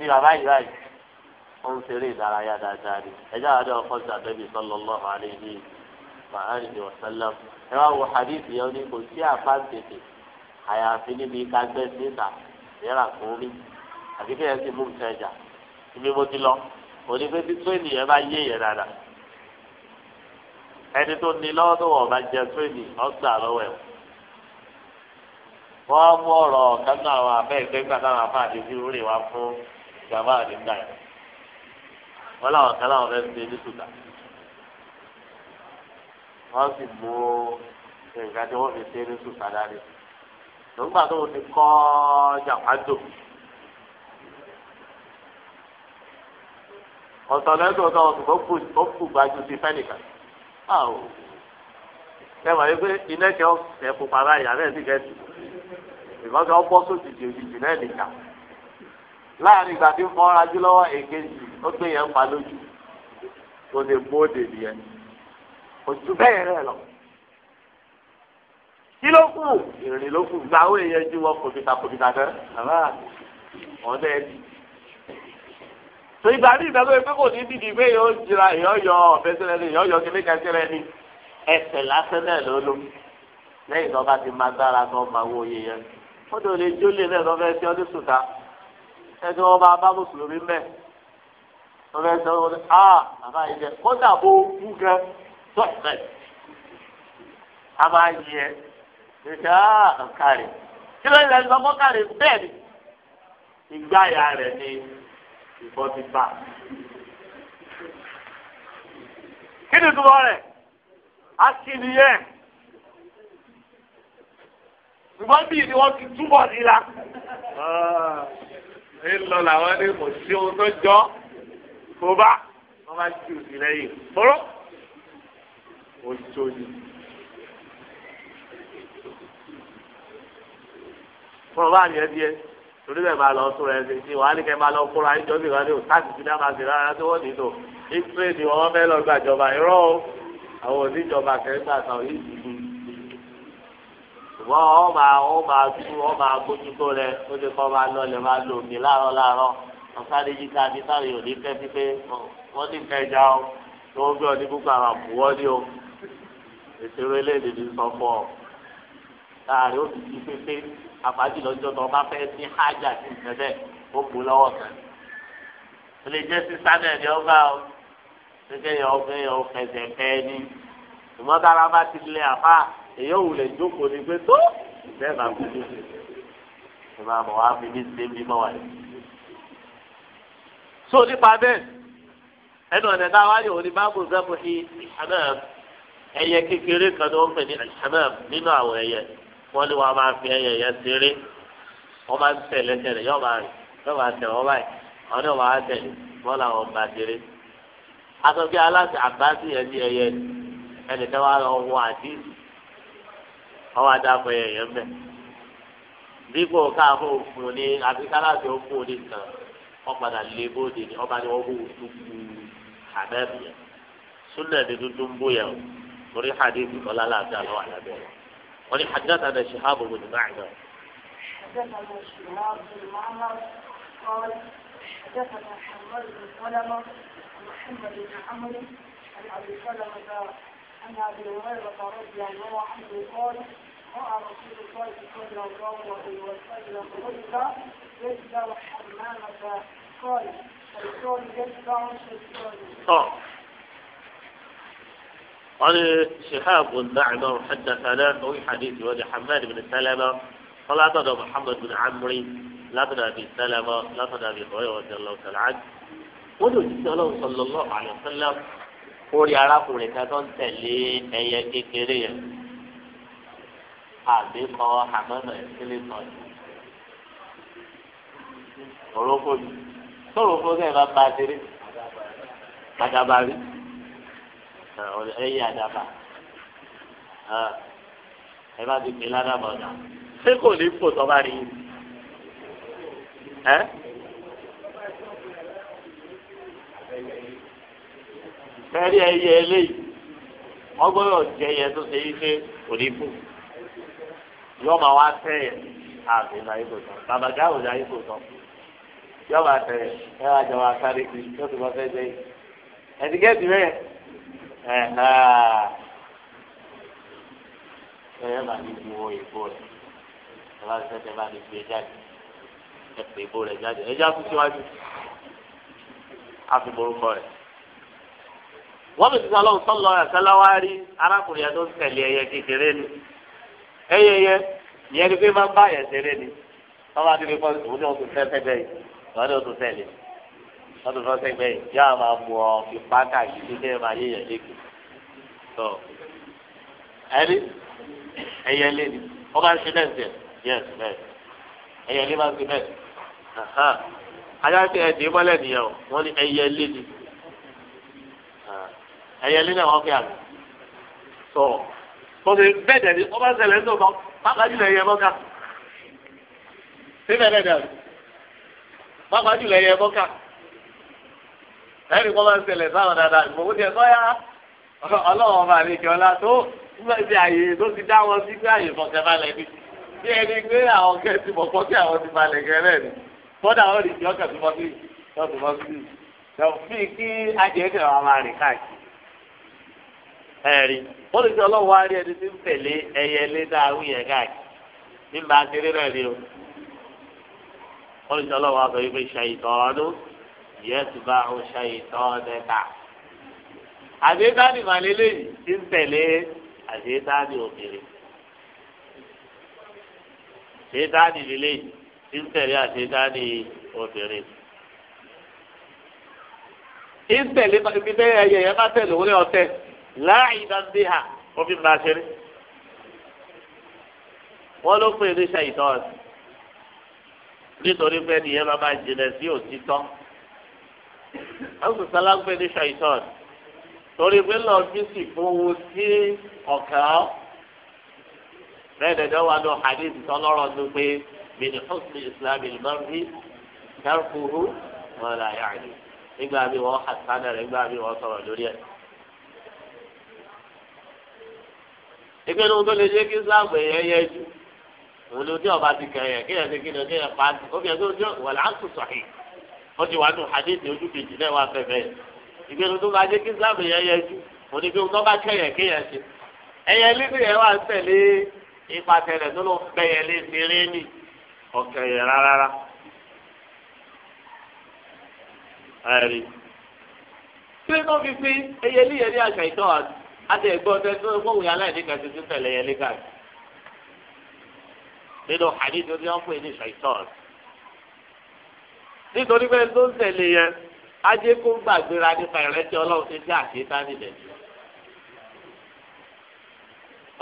ni bàbá ó ń ṣeré ìdárayá dáadáa ni ẹjọ́ àwọn ọdún ọkọ̀ ṣàbẹ̀ mi sallallahu alaihi wa alihi wa sallam ẹ wá wo hadith yẹn ní kò sí àpá tètè àyàfi níbi ká gbẹ́ síta ìyára kò rí àti kéèyàn sì mú nǹkan ẹja ibi mo ti lọ òní pé tí tírénì yẹn bá yé yẹn dáadáa ẹni tó ní lọ́wọ́ tó wọ̀ bá jẹ tírénì ọ̀sà lọ́wọ́ ẹ̀ wọ́n mú ọ̀rọ̀ kánú àwọn abẹ́ ìgbẹ́gbà táwọn afáàdé wọn làwọn kan làwọn fẹ́ẹ́ ṣe ní sùdà wọn sì mú nǹkan tí wọn fi ṣe ní sùdà dání nígbà tó ti kọ́ jàpájò ọ̀sọ̀lẹ́sọ̀ tó ọ̀sùn tó kù gbájú sí fẹ́nìkan báwo ẹ wà wípé iná kẹ́ ẹ̀ pupa báyìí àbẹ́ẹ̀ sì kẹ́ ẹ̀ tù ìgbọ́n kẹ́ òjijì náà nìkan láàrin ìgbà tí fọ́nra jù lọ́wọ́ èkejì ó gbé yẹn pa lójú tó lè bóde nìyẹn kò jù bẹ́ẹ̀ rẹ̀ lọ. kí ló kù ìrìn ló kù gba àwọn èèyàn jí wọn kòkìtà kòkìtà tẹ àbá wọn dẹ ẹbí. tó ìgbà ní ìgbà tó yẹ pé kò ní dìdì pé yóò jira ìyọ́yọ́ ọ̀fẹ́ sílẹ̀ ní ìyọ́yọ́ kílé kẹsílẹ̀ ní ẹsẹ̀ lásán náà ló ló lẹ́yìn tó bá ti máa dára tó máa wọ oyè yẹn. ó dòlè jólè náà lọ́fẹ́ tí ọdún sùn ẹni wọn máa bá mùsùlùmí mẹ wọn fẹẹ sọ wọn a bàbá yìí dẹ kódà bó wú gẹ tọ̀tẹ̀ a máa yí ẹ ṣèṣe a kárì kí ló ń lẹ́nu sọ fún kárì bẹ́ẹ̀ ni ìgbáyà rẹ̀ ni ìbọn ti bá kí ni ìtumọ̀ rẹ̀ a kì í nìyẹn ṣùgbọ́n bí ni wọ́n ti túbọ̀ nílá ńlọ làwọn ní kò sí ohun tó jọ kó bá wọn bá jù sí lẹ́yìn kóró òjò ni. fún ọba àmì ẹbí ẹ torí bẹ́ẹ̀ máa lọ sóra ẹsẹ̀ sí wàá ní kẹ́ máa lọ kóra ẹjọ́ bí wàá ní òtáàtì sí náà máa sì rárá tí wọ́n nílò ìpínlẹ̀ ni wọ́n fẹ́ lọ gbàjọba irọ́ o àwọn oníjọba kẹ́ńtà àtàwọn yìí àmọ́ ọ máa ọ máa tú ọ máa bójú tó rẹ ó lè kọ́ máa lọlẹ̀ máa lo omi láàárọ̀ láàárọ̀ ọ̀sáré yìí ká ní sáré òní fẹ́ fi pé wọ́n ní kẹjà o tó ń gbé ọ ní gbogbo àwọn àbúwọ́ ní o ìṣòro eléyìí ti sọ fún ọ láàrin ó ti di pépé àpájù lọ́jọ́ tó bá fẹ́ ní hájà sí ìfẹ́fẹ́ ó bu lọ́wọ́ kan ó lè jẹ́ sí sáré ẹni ọgbà o èyí ò lè jókòó ni pé tó bẹ́ẹ̀ máa fi mí ṣe máa mọ̀ wá fi mí ṣe mí mọ́ wáyé. so nípa bẹ́ẹ̀ ẹnu ọ̀nà náà wáyé òní báàbò sẹ́fù ní alhamam ẹyẹ kékeré kan tó ń pè ní alhamam nínú àwọn ẹyẹ wọ́n ní wọ́n máa fi ẹyẹ yẹn ṣeré wọ́n máa ń tẹ̀lé tẹ̀lé yọ́ máa rìn yọ́ máa tẹ̀ wọ́n báyìí àwọn náà wọ́n máa ṣeré. aṣọ bí aláṣẹ àbáṣe ọwọ́ adáko yẹn yẹn mẹ́ dípò káfó fún ní àbíkáláàbí ó fún ní kan ọ̀padà lé bóde ni ọba ni wọ́n bó dúdú àbẹ́rù yẹn súnà ní dúdú ń bó yẹn o torí hadith ọlá làbẹ́ àlọ́ àlábẹ́ rẹ̀ wọ́n ní hadith àná shihab bò ní báyìí náà. حدثنا شهاب بن حماد بن سلمة محمد بن عمرو عن ابي سلمة عن ابي هريرة رضي الله عنه قال قال شهاب المعمر حدثنا في حديث ولد حماد بن سلمة قال عطنا محمد بن عمري لا لابن ابي سلمة لابن ابي هريره رضي الله تعالى عنه ولد له صلى الله عليه وسلم قول يا رب ولك تلي ايا كثيرين àbí kọ́ àmọ́nà ìdílé kan yìí. Òrókò ni sórókò kẹ́ bá ba ṣeré àdàbà rí ẹyẹ àdàbà ẹ bá ti pè ládàbà ọ̀dà ṣé kò ní kò tọ́ bá rí i ẹ́ fẹ́rí ẹyẹ eléyìí wọ́n gbọ́dọ̀ jẹ́ ẹyẹ tó ṣe yí pé kò ní kù yọ máa wá tẹ̀yẹ̀ àbí náà kò tán bàbá gáwò náà kò tán yọ máa tẹ̀yẹ̀ ẹ wá jọ máa sáré kiri yóò tún bọ́ fẹ́ jẹ́ yìí ẹ̀dígẹ́tì rẹ̀ ẹ̀ ẹ̀ bá ní ju owó ìbò rẹ̀ ẹ̀ bá sẹ́sẹ́ bá ní gbé jáde ẹ̀ pè ìbò rẹ̀ jáde ẹ̀ já síwájú àfi borúkọ rẹ̀ wọ́n mi sísan lọ́wọ́ sọ́lọ́ ẹ̀sẹ̀ láwárí arákùnrin yẹn tó ń tẹ̀lé ẹyẹ kékeré ni ẹyẹ yẹn ìyẹn ni pé máa ń bá àyẹ̀ ṣeré ni wọ́n máa ti fi fọ́n òun ní oṣù fẹ́fẹ́ bẹ́ẹ̀ wọ́n ní oṣù sẹ́lẹ̀ wọ́n tún fọ́n sẹ́gbẹ́ yìí yóò máa mú ọ fi pákà yìí kí ẹ máa yé yẹn lékè tó ẹni ẹyẹ lé ni wọ́n máa ń ṣe bẹ́ẹ̀ sẹ́ yẹn bẹ́ẹ̀ ẹyẹ lé máa ń ṣe bẹ́ẹ̀ ajá ti mọ́lẹ̀ nìyẹn wọ́n ní ẹyẹ lé ni ẹyẹ lé náà wọ́n fi àgbẹ̀ tó tó ti bẹ́ẹ̀ pápá jùlọ ẹyẹ mọ́ká ẹnì kan máa ń sáwọn ìfowó sọ́yà ọlọ́wọ́ ọba àlejò ọlá tó nígbà tí àyè tó ti dá wọn sí pé àyè balẹ̀ ni bí ẹni àwọn kẹ́ ti fọ́kẹ́ àwọn ti balẹ̀ gẹ́rẹ́ ni kí máa rìn káàkiri. ẹ̀rí wọ́n lè fi ọlọ́run wá rí ẹni tí ń tẹ̀lé ẹyẹ lé dáhùn yẹn káàkiri ní bá a kéré náà rí o wọ́n lè fi ọlọ́run wá sọ wípé ṣàìtọ́nù yẹ́sù bá o ṣàìtọ́nẹ́ta àdéhùn ìmàlélẹ́ yìí ti ń tẹ̀lé àdéhùn obìnrin àdéhùn ìlélẹ́ yìí ti ń tẹ̀lé àdéhùn obìnrin ibi tẹ́ ẹyẹ yẹn bá tẹ̀lé òun ọ̀tẹ̀. láàyè dàbí hà ó fi máa ṣeré wọn ló pè ní ṣàìtọ́n nítorí pé nìyẹn máa máa jìnà sí òtítọ́ àwọn sọlá ń pè ní ṣàìtọ́n torí pé lọ bí sì fowó sí ọ̀kà ọ́ bẹ́ẹ̀ dẹ̀dẹ̀ wà lọ hadith tọ́lọ́rọ̀ ló pé bìnnì husni islam ilmarhi tarkuhu wala ya'ni nígbà mi wọ́n hasana rẹ̀ nígbà mi wọ́n sọ̀rọ̀ lórí ẹ̀. ìpinnu ohun tó lè jẹ́ kí islam èèyàn yẹ jù òun ló dé ọba ti kẹyàn kéèyàn ti kíni kéèyàn pa á ó fi ẹgbẹ́ ojú wàlá á tún sọ̀hìn wọ́n ti wà nù hadith ojú kejì náà wà fẹ́fẹ́ ìpinnu tó bá jẹ́ kí islam èèyàn yẹ jù òun ni pé ohun tó bá kẹyàn kéèyàn ṣe ẹ̀yẹ lílù yẹn wà ń tẹ̀lé ipa tẹ̀lẹ̀ tó ló bẹ̀yẹ lé seré ní ọ̀kẹ̀yẹ rárá ẹ̀rí àti ẹ̀gbọ́n tẹ tó gbóhùn yà láì ní kẹsì tó tẹ̀lé yẹn lé káàkiri nínú hadith tó ní wọn pè ní ṣàìtọ́ọ̀n nítorí pé tó ń tẹ̀lé yẹn ajé kó gbàgbéra nípa ìrẹsì ọlọ́run ti dé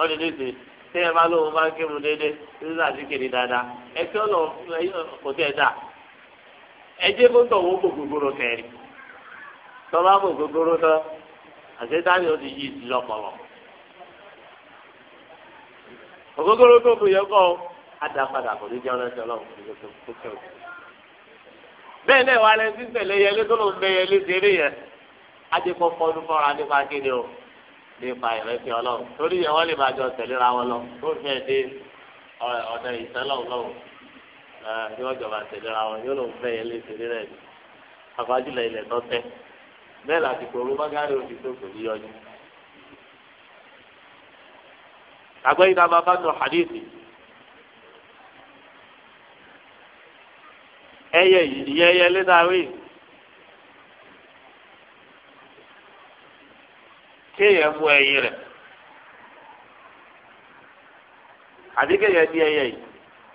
ní níbi tí ẹ bá lóun bá ń dáadáa kò dà kó àṣetáni ó ti yí ìdí lọpọlọ tó bu yẹn kọ adapada kò ní jẹ ọlọsẹ Ọlọ́run kò ní kó o bẹ́ẹ̀ náà wà lẹni tí ń tẹ̀lé ló ń bẹ yẹlé ṣeré yẹn adékọ fọdún fọra nípa kíni o nípa ìrẹsì Ọlọ́run torí yẹn wọn lè máa jọ tẹ̀léra wọn lọ tó fẹẹ dé ọ̀nà ìtẹ́lọ́wọ́ lọ́wọ́ ẹ yóò jọba tẹ̀léra wọn yóò lòún fẹ́ yẹlé ṣeré rẹ̀ ni àbájúlẹ̀ ilẹ̀ tọ́tẹ́ bẹ́ẹ̀ lásìkò ooru mọ́gàrí òsì tó kò ní yọjú. àgbẹ̀yìn náà máa bá nù hadithi. ẹyẹ ìyẹn ẹyẹ lẹ́dàwé kéèyàn mú ẹyin rẹ̀ àdékéèyàn ní ẹyẹ yìí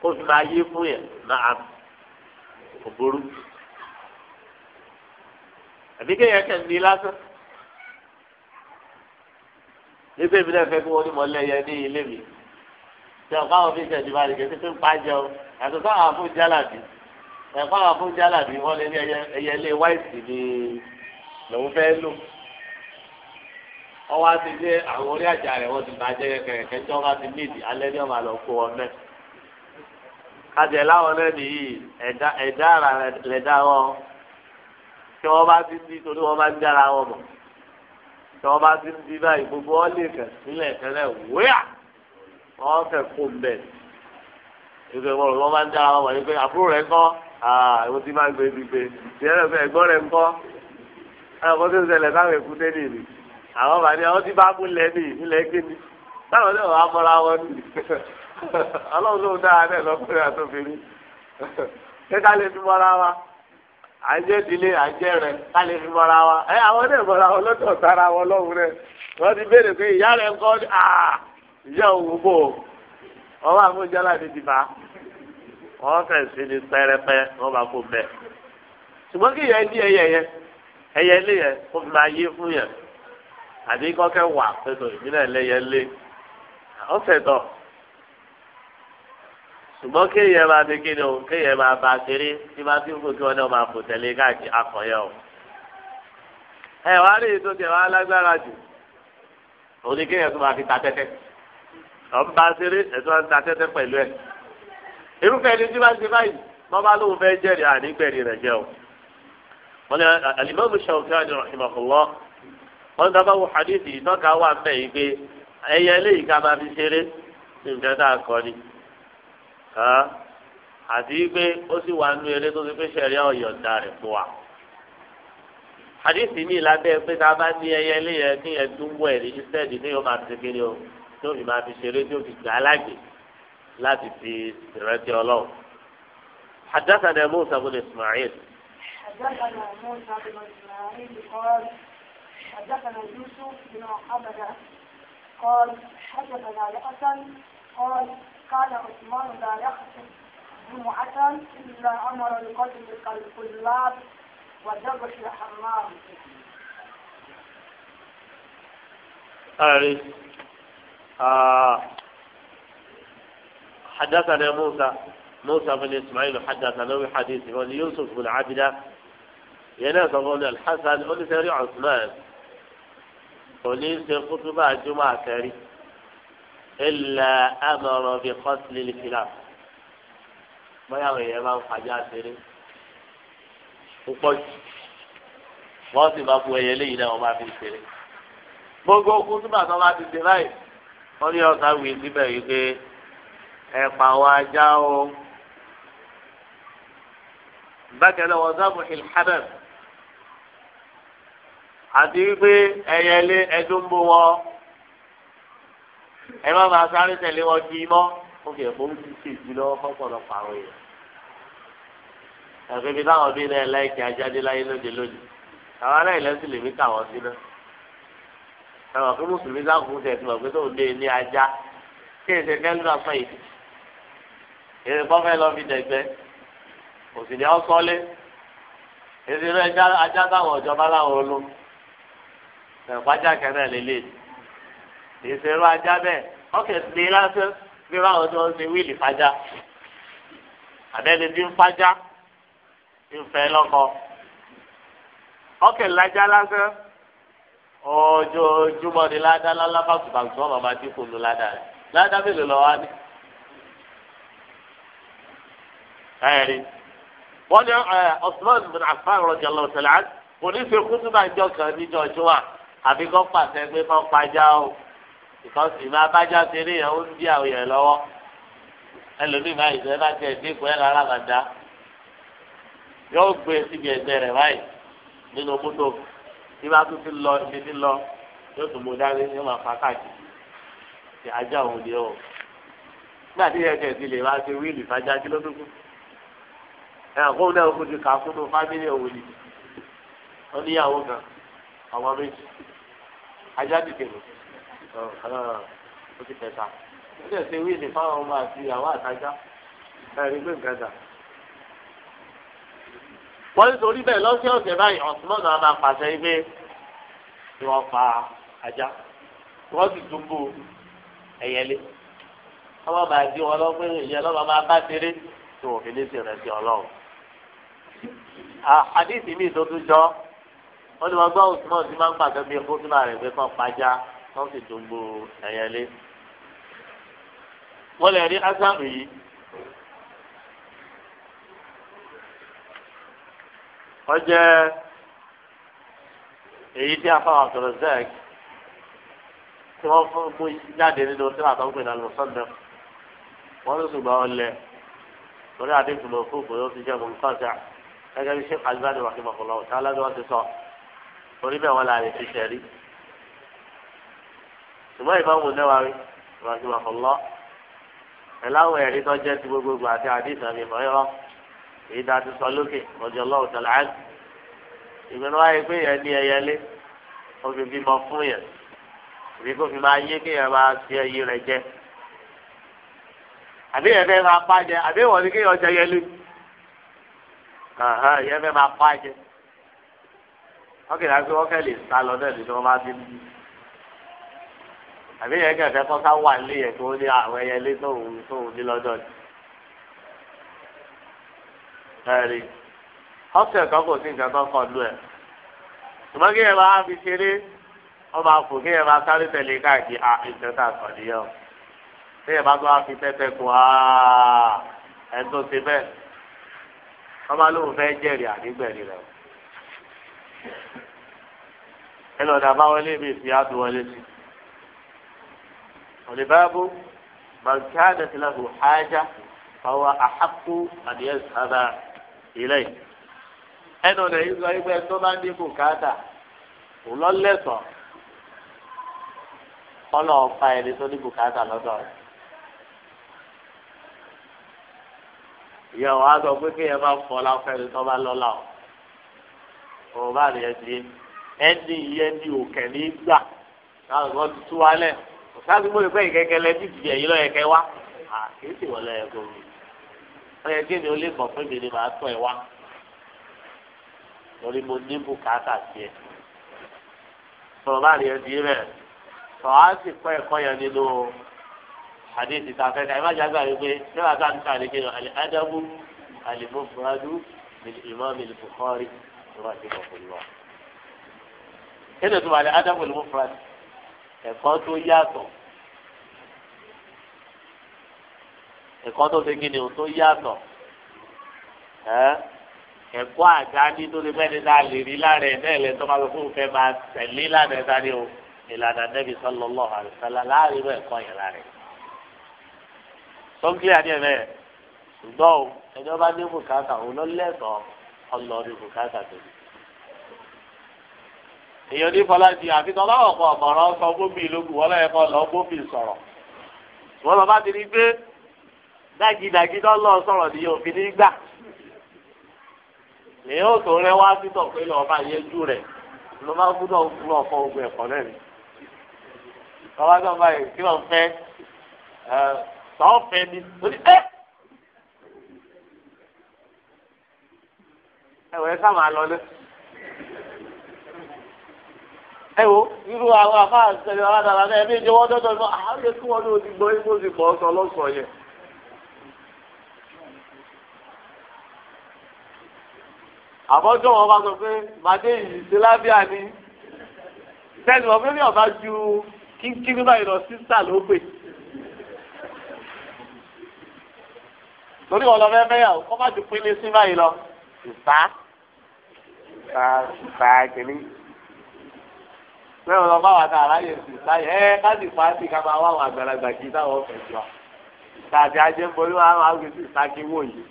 ó fi máa yé fún yẹn náà òbórú àbí kéèyàn kẹ̀ ní lásán. nígbà èmi náà fẹ́ wọ́n ní mọ́lẹ́ yẹn ní ilé mi. ṣé ọ̀pá àwọn fíìsì ẹ̀dínwó àdìgẹ́ tí fi ń pa jẹun àti sáwọn àfún jálàbí ẹ̀fọ́ àwọn àfún jálàbí wọ́n lé ní ẹyẹ ilé wáìsì ni lòun fẹ́ lò. ọwọ́ àti dé àwọn orí àjà rẹ̀ wọ́n ti bàjẹ́ kẹ̀kẹ́ tí wọ́n ti níìdì alẹ́ ní ọ̀mà lọ kó wọn mẹ́. kájẹ̀ láwọn náà nìyí ẹ̀dá ara lẹ̀dá wọn tí wọ́n bá ti di torí wọ́n bá ń dára wọn mọ̀ tí wọ́n bá ti di báyìí gbogbo wọn lè kẹ̀ sílẹ̀ tẹ́lẹ̀ wíyà wọ́n fẹ́ kó mbẹ́ ìgbẹ́ wọn wọ́n bá ń dára wọn mọ̀ ìgbẹ́ àbúrò rẹ̀ kọ́ àwọn tí máa ń gbé ibi gbé ìyẹn lọ́fẹ́ ẹ̀gbọ́n rẹ̀ kọ́ àwọn kan tó ń ṣẹlẹ̀ káwọn èkú nìyí àwọn bàbá àwọn tí bá mú lẹ̀ ní ìpínlẹ̀ kéde táwọn náà wàá mọ́ra wọn ní ọlọ́run ló dáa náà lọ́kùnrin àtòfin ní kẹ́kẹ́ lè fi mọ́ra àjẹdìlé àjẹrẹ kálí fi mọ́ra wa ẹ àwọn náà mọ́ra wọn lọ́dọ̀ tara wọn lọ́hùn rẹ wọ́n ti béèrè pé ìyá rẹ̀ ń kọ́ ìyá òun bò ọwọ́ àmújálá ti dìbà wọ́n fẹ́ sí ni pẹ́rẹ́pẹ́ wọ́n bá kó bẹ́ẹ̀ ṣùgbọ́n kí ìyẹn ní ẹyẹ yẹn ẹyẹ lé yẹn kó fi máa yé fún yẹn àbí kọ́kẹ́ wà pẹ̀lú ìbílẹ̀ lẹ́yẹ lé ọ̀sẹ̀ tọ̀ ṣùgbọ́n kéèyàn máa fi kí ni o kéèyàn máa bá a kéré tí máa fi ń kó kí wọn náà máa fò tẹ̀lé káàkiri akọ̀yẹ o. ẹ wá rí ètò tẹ̀ wá lágbára jù òun ni kéèyàn tó máa fi ta tẹ́tẹ́ ọ̀n bá a ṣeré ẹ̀tọ́ máa ń ta tẹ́tẹ́ pẹ̀lú ẹ̀. irúfẹ́ ẹni tí máa ṣe báyìí wọ́n bá lóun fẹ́ jẹ́rìí ànígbẹ̀rì rẹ̀ jẹ́ o. wọ́n ní alimami Shawkani rahimahullah wọ́n dábàá wọ hadithi ìtọ́ka wà ń bẹ̀ yìí pé ẹyẹ eléyìí ká máa ni àti pé ó sì wà nú eré tó ti pé sẹ̀ríà ọ̀yọ̀dà rẹ̀ fún wa. àdìsí ní ìlàbẹ́ pé tá a bá ní ẹyẹ léyẹ kí ẹ dúnbọ̀ ẹ̀ ní sẹ́ẹ̀dì ní yóò máa ti kiri o tí òfin máa fi ṣeré tí òfin gbà á láti fi ìrẹsì ọlọ́run. حدثنا موسى بن اسماعيل حدثنا موسى بن اسماعيل قال حدثنا يوسف بن عبده قال حدثنا الحسن قال قال عثمان لا يخطب جمعة إلا أمر بقتل الكلاب وذبح الحمام أعرف آه. حدثنا موسى موسى بن إسماعيل حدثنا بحديثه وليوسف بن عبدة يناس بن الحسن أولي سيري عثمان أولي سري خطبة الجمعة سري ilà amọ̀rọ̀ bíi kọ́sìlì lìfìlà bóyá àwọn èèyàn máa ń fàjà àṣírí púpọ̀ jù wọ́n sì máa bu ẹyẹ léyìn náà wọ́n máa fi ṣeré gbogbo okun tí bàtà máa ti ṣe báyìí wọ́n ní ọ̀sán wí síbẹ̀ yìí pé ẹ̀pà àwọn ajá o bákan náà wọ́n sábà ìlhàbẹ̀m àti wípé ẹyẹ lé ẹdún bó wọn ẹ má máa sáré tẹ̀lé wọn di mọ́ ó fi ẹ̀fọ́ ti ṣe ìdílọ́wọ́ fọ́pọ̀lọpọ̀ àwọn èèyàn. ẹ̀fẹ́ mi táwọn bí náà láìkí ajáde láyé lóde lónìí àwọn aláìlẹ́sìn lèmi káwọn sí náà. ẹ̀rọ fún mùsùlùmí sáàkùn tẹ̀ fún ọ̀gbẹ́ tó ń lé ní ajá kí ẹ̀sẹ̀ kẹ́lúrà fún èyí. èrè kọ́fẹ́ lọ fi dẹ̀gbẹ́ òsì ni ọ sọ́lé èsì rẹ̀ ajá táwọn ìjọba láwọn olóhùn ẹ̀fọ́ ajá kẹ́rẹ́ lélẹ́yìí ìṣerú ajá bẹ́ẹ̀ ọkẹ́ lè lásán bí báwọn tí wọ́n ṣe wíìlì fájá àbẹ́ni bí ń fájá ń fẹ́ lọ́kọ ọkẹ́ lájá lásán ojoojúmọ́ ni ládá lálábàtúbàtú ọ̀nà máa dín kunu ládá rẹ̀ ládá mélòó lọ́wọ́ á ní. wọ́n ní Osman bin Affan radiyallahu ta'ala kò ní í ṣe kúndùmá ìjọ kan níjọ ọjọ́ wa àbí kọ́ pàṣẹ pé kọ́ pàjá o because ìmọ̀ abájá ti rí yẹn ó ń bí àwọn yẹn lọ́wọ́ ẹlòmíì máa ìfẹ́ bá tiẹ̀ dínkù ẹ̀ lára bàdá yóò gbé e síbi ẹgbẹ́ rẹ̀ báyìí nínú mọ́tò tí bá tún ti lọ ibi tí lọ yóò tún mú dání yóò máa fa káàkiri ti ajá òun ni ó nígbà tí ẹ̀kẹ́ ti lè máa ṣe wíìlì fàájà kí ló dúkú ẹ̀hàn kóun náà kó ti kà á fúnnú fámílì òun ni ó níyàwó kan ọmọ méjì ajá ti tèmọ̀ sí ó ti tẹ̀sà ó dẹ̀ ṣe wíìlì fáwọn ọmọ àti ìyàwó àtajá ẹ̀rí gbé nǹkan dà. wọ́n ń torí bẹ́ẹ̀ lọ́sẹ̀ ọ̀sẹ̀ báyìí ọ̀sùnmọ́ máa pàṣẹ ibé tí wọ́n pa ajá tí wọ́n sì dúpọ̀ ẹ̀yẹlé ọmọ bàá di wọn lọ pé ìyẹn lọ́ba máa bá ṣeré tí wọ́n fi ní sèrèsì ọlọ́run. àdìsí mi tó tún jọ wọ́n ní wọ́n gbọ́ ọ̀sùnmọ́ máa ń pàṣẹ bí wọ́n sì dùnbò ẹ̀yẹlé wọ́n lè rí ásámù yìí. wọ́n jẹ́ èyí tí a fáwọn àtọ̀rọ̀ zẹ́ẹ̀kì tí wọ́n fún mú jáde nínú tí wọ́n àtọ́gbìn náà lọ sọ́dọ̀ wọ́n ló ṣùgbọ́n ọlẹ̀ lórí àdéhùn lọ fún òbòyó ti jẹ́ mọ̀ nǹkan ṣá gẹ́gẹ́ bí sèkà ìbáraẹni wàkí mọ̀kànlá ọ̀tá aládùn wọn ti sọ orí bẹ́ẹ̀ wọ́n là lè fi ṣẹ̀rí ṣùgbọ́n ìbámu náà rí ìbáṣepọ̀ ọ̀lọ́ ẹ̀láwọ̀ ẹ̀rí tó jẹ́ ti gbogbogbò àti àdìsàn mi mọ̀ ẹ́rọ èyí tá a ti sọ lókè lọ́jọ́ lọ́wọ́ tẹ̀lé àgbẹ̀ ìgbìmọ̀ wáyé pé yẹn ní ẹyẹlé ó fi bímọ fún yẹn ìbí kó fi máa yé kí yẹn máa fi ẹyí rẹ jẹ àbí yẹn fẹ́ máa pa jẹ àbí wọ́n ní kí yẹn jẹ yẹlé yẹn fẹ́ máa pa jẹ wọ́n kì í lè sá lọ náà nígbà wọ́n bá ti ń àbí yẹn kẹfẹ kọsá wà nílé yẹn tó ní àwọn ẹyẹlé tóun tóun ní lọ́dọ̀ ni. ẹ̀rí ọ̀sẹ̀ kan kò sí nǹkan kan kọ lu ẹ̀ ṣùgbọ́n kí yẹn máa fi ṣeré wọ́n máa fò kí yẹn máa sáré tẹ̀lé káàkiri à ìjọba àkàndíyàn kí yẹn máa tó wá fi tẹ́tẹ́ kù á ẹ̀ tó ṣe bẹ́ẹ̀ wọ́n máa lóun fẹ́ jẹ́rìí àdígbẹ̀rì rẹ̀ ẹ lọ́dà bá wọlé mi fi á tó wọlé sí ọ̀lẹ́bàbò mànkánà tìlàhù hájà fáwọn àhàkù àdìyẹn sábà ilẹ̀ ẹnu ọ̀nà yìí sọ ẹgbẹ́ tó bá ní bùkátà òlọ́lẹ́sọ̀ ọlọ́ọ̀fà ẹni tó ní bùkátà lọ́dọ̀ rẹ̀. ìyá wa sọ pé kéèyàn bá fọlá fẹ́ni tó bá lọ́lá o òun bá rẹ̀ ẹ́ di ẹni ìyẹn ní òkè ní gbà láwọn ọ̀gbọ́n ti tú wálẹ̀ láti mú ìpẹ́ ìkẹ́kẹ́lẹ́ ní ìdílé yìí lọ́yẹ̀ kẹ́ wá kì í sì wọlé ẹ̀kọ́ mi ọyẹ kí ni ó lè kàn fún mi ni màá tọ̀ ẹ̀ wá lórí mo ní bùkátà sí ẹ sọ̀rọ̀ bá rí ẹ di rẹ̀ sọ̀rọ̀ á sì kọ́ ẹ̀kọ́ yẹn nínú àdéhìí ta fẹ́ ká ẹ má jẹ́ àgbà wípé ṣé wàá ká ń ta àlejò yẹn àlè ádámù àlè mọ́fúrádù ìmọ̀ọ́mì Bukhari ìrọ̀ àti ìmọ̀ọ́fúnlọ́ kí ni ìtumọ̀ àlè ádámù ìmọ̀fúrádù ẹ̀kọ́ tó yàtọ̀ ẹ̀kọ́ tó ṣe kí ni o tó yàtọ̀ ẹ̀kọ́ àdáni tó lè mẹ́rin náà lè rí lára ẹ̀ náà lẹ́tọ́ máa fi fún fẹ́ máa tẹ̀lé lánàá ẹ̀dá ni o ìlànà nẹ́bí sallallahu alaihi wasallam láàrin bẹ́ẹ̀ kọ́ yẹn lára ẹ̀. sọ́ńkì àdìẹ rẹ̀ ṣùgbọ́n o ẹjọ́ bá ní bùkátà òun ló lẹ́tọ̀ọ́ ọlọ́ọ̀dún bùkátà tó ní. èèyàn ní fọlá di àfihàn ọlọ́wọ̀ kan ọ̀mọ̀ràn dágidàgi tó lọ sọ̀rọ̀ ní òfin nígbà èyí ò tó rẹ wá sí tọ̀pẹ́ lọ́ọ́ bá yẹjú rẹ̀ ló máa gbúdọ̀ fún ọ̀fọ̀ ogun ẹ̀kọ́ náà ni. ọba tó ń báyìí kí wọ́n fẹ́ tọ́ fẹ́ mi ó ní ẹ́. lọ lé. ẹ irú àwọn afáàṣẹ ni wọn bá dára náà ẹbí ìjọba dọ́dọ̀ ní àwọn yẹn wọn ní odi gbọ́ ibo sì bọ́ sọ lọ́sọ̀ọ́ yẹn. àbọ̀jọ́ wọn bá sọ pé màdé yìí ṣe lábíà ni sẹ́ni wọn pé ní ọ̀bá ju kíkíní báyìí lọ sísà ló pè. torí wọn lọ fẹ́ fẹ́yàwó kọ́ má ju pínlẹ̀ sí báyìí lọ ìfá ìfá kìíní. bẹ́ẹ̀ lọ bá wà ká aráyè sí ìfá yẹn ẹ́ ká sì pàṣẹ ká máa wá àwọn àgbàlagbà kí táwọn fẹ̀ jọ. tàbí ajé ń borí wọn á máa gbé kí wò yìí.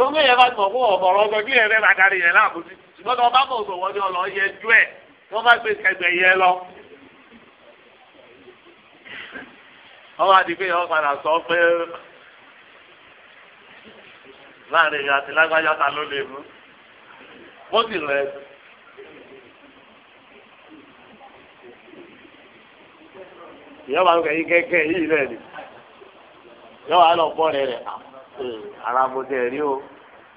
tó ń gbẹ̀yẹ̀ bá ti mọ̀ fún ọ̀bọ̀rọ̀ ọgbẹ́ bí ẹ̀rẹ́ bá darí yẹn láàbùsí ṣùgbọ́n tó bá mọ̀ ní yẹ ju ẹ̀ bá gbé kẹgbẹ́ lọ. ọwọ́ àdìgbé yẹn wọ́n padà sọ pé láàrin àti lágbájá ta ló lè mú sì ìyá wa ń kẹ́kẹ́ yìí ìyá wa lọ bọ́ rẹ̀ rẹ̀ Eh, ara mo tẹ̀ rí o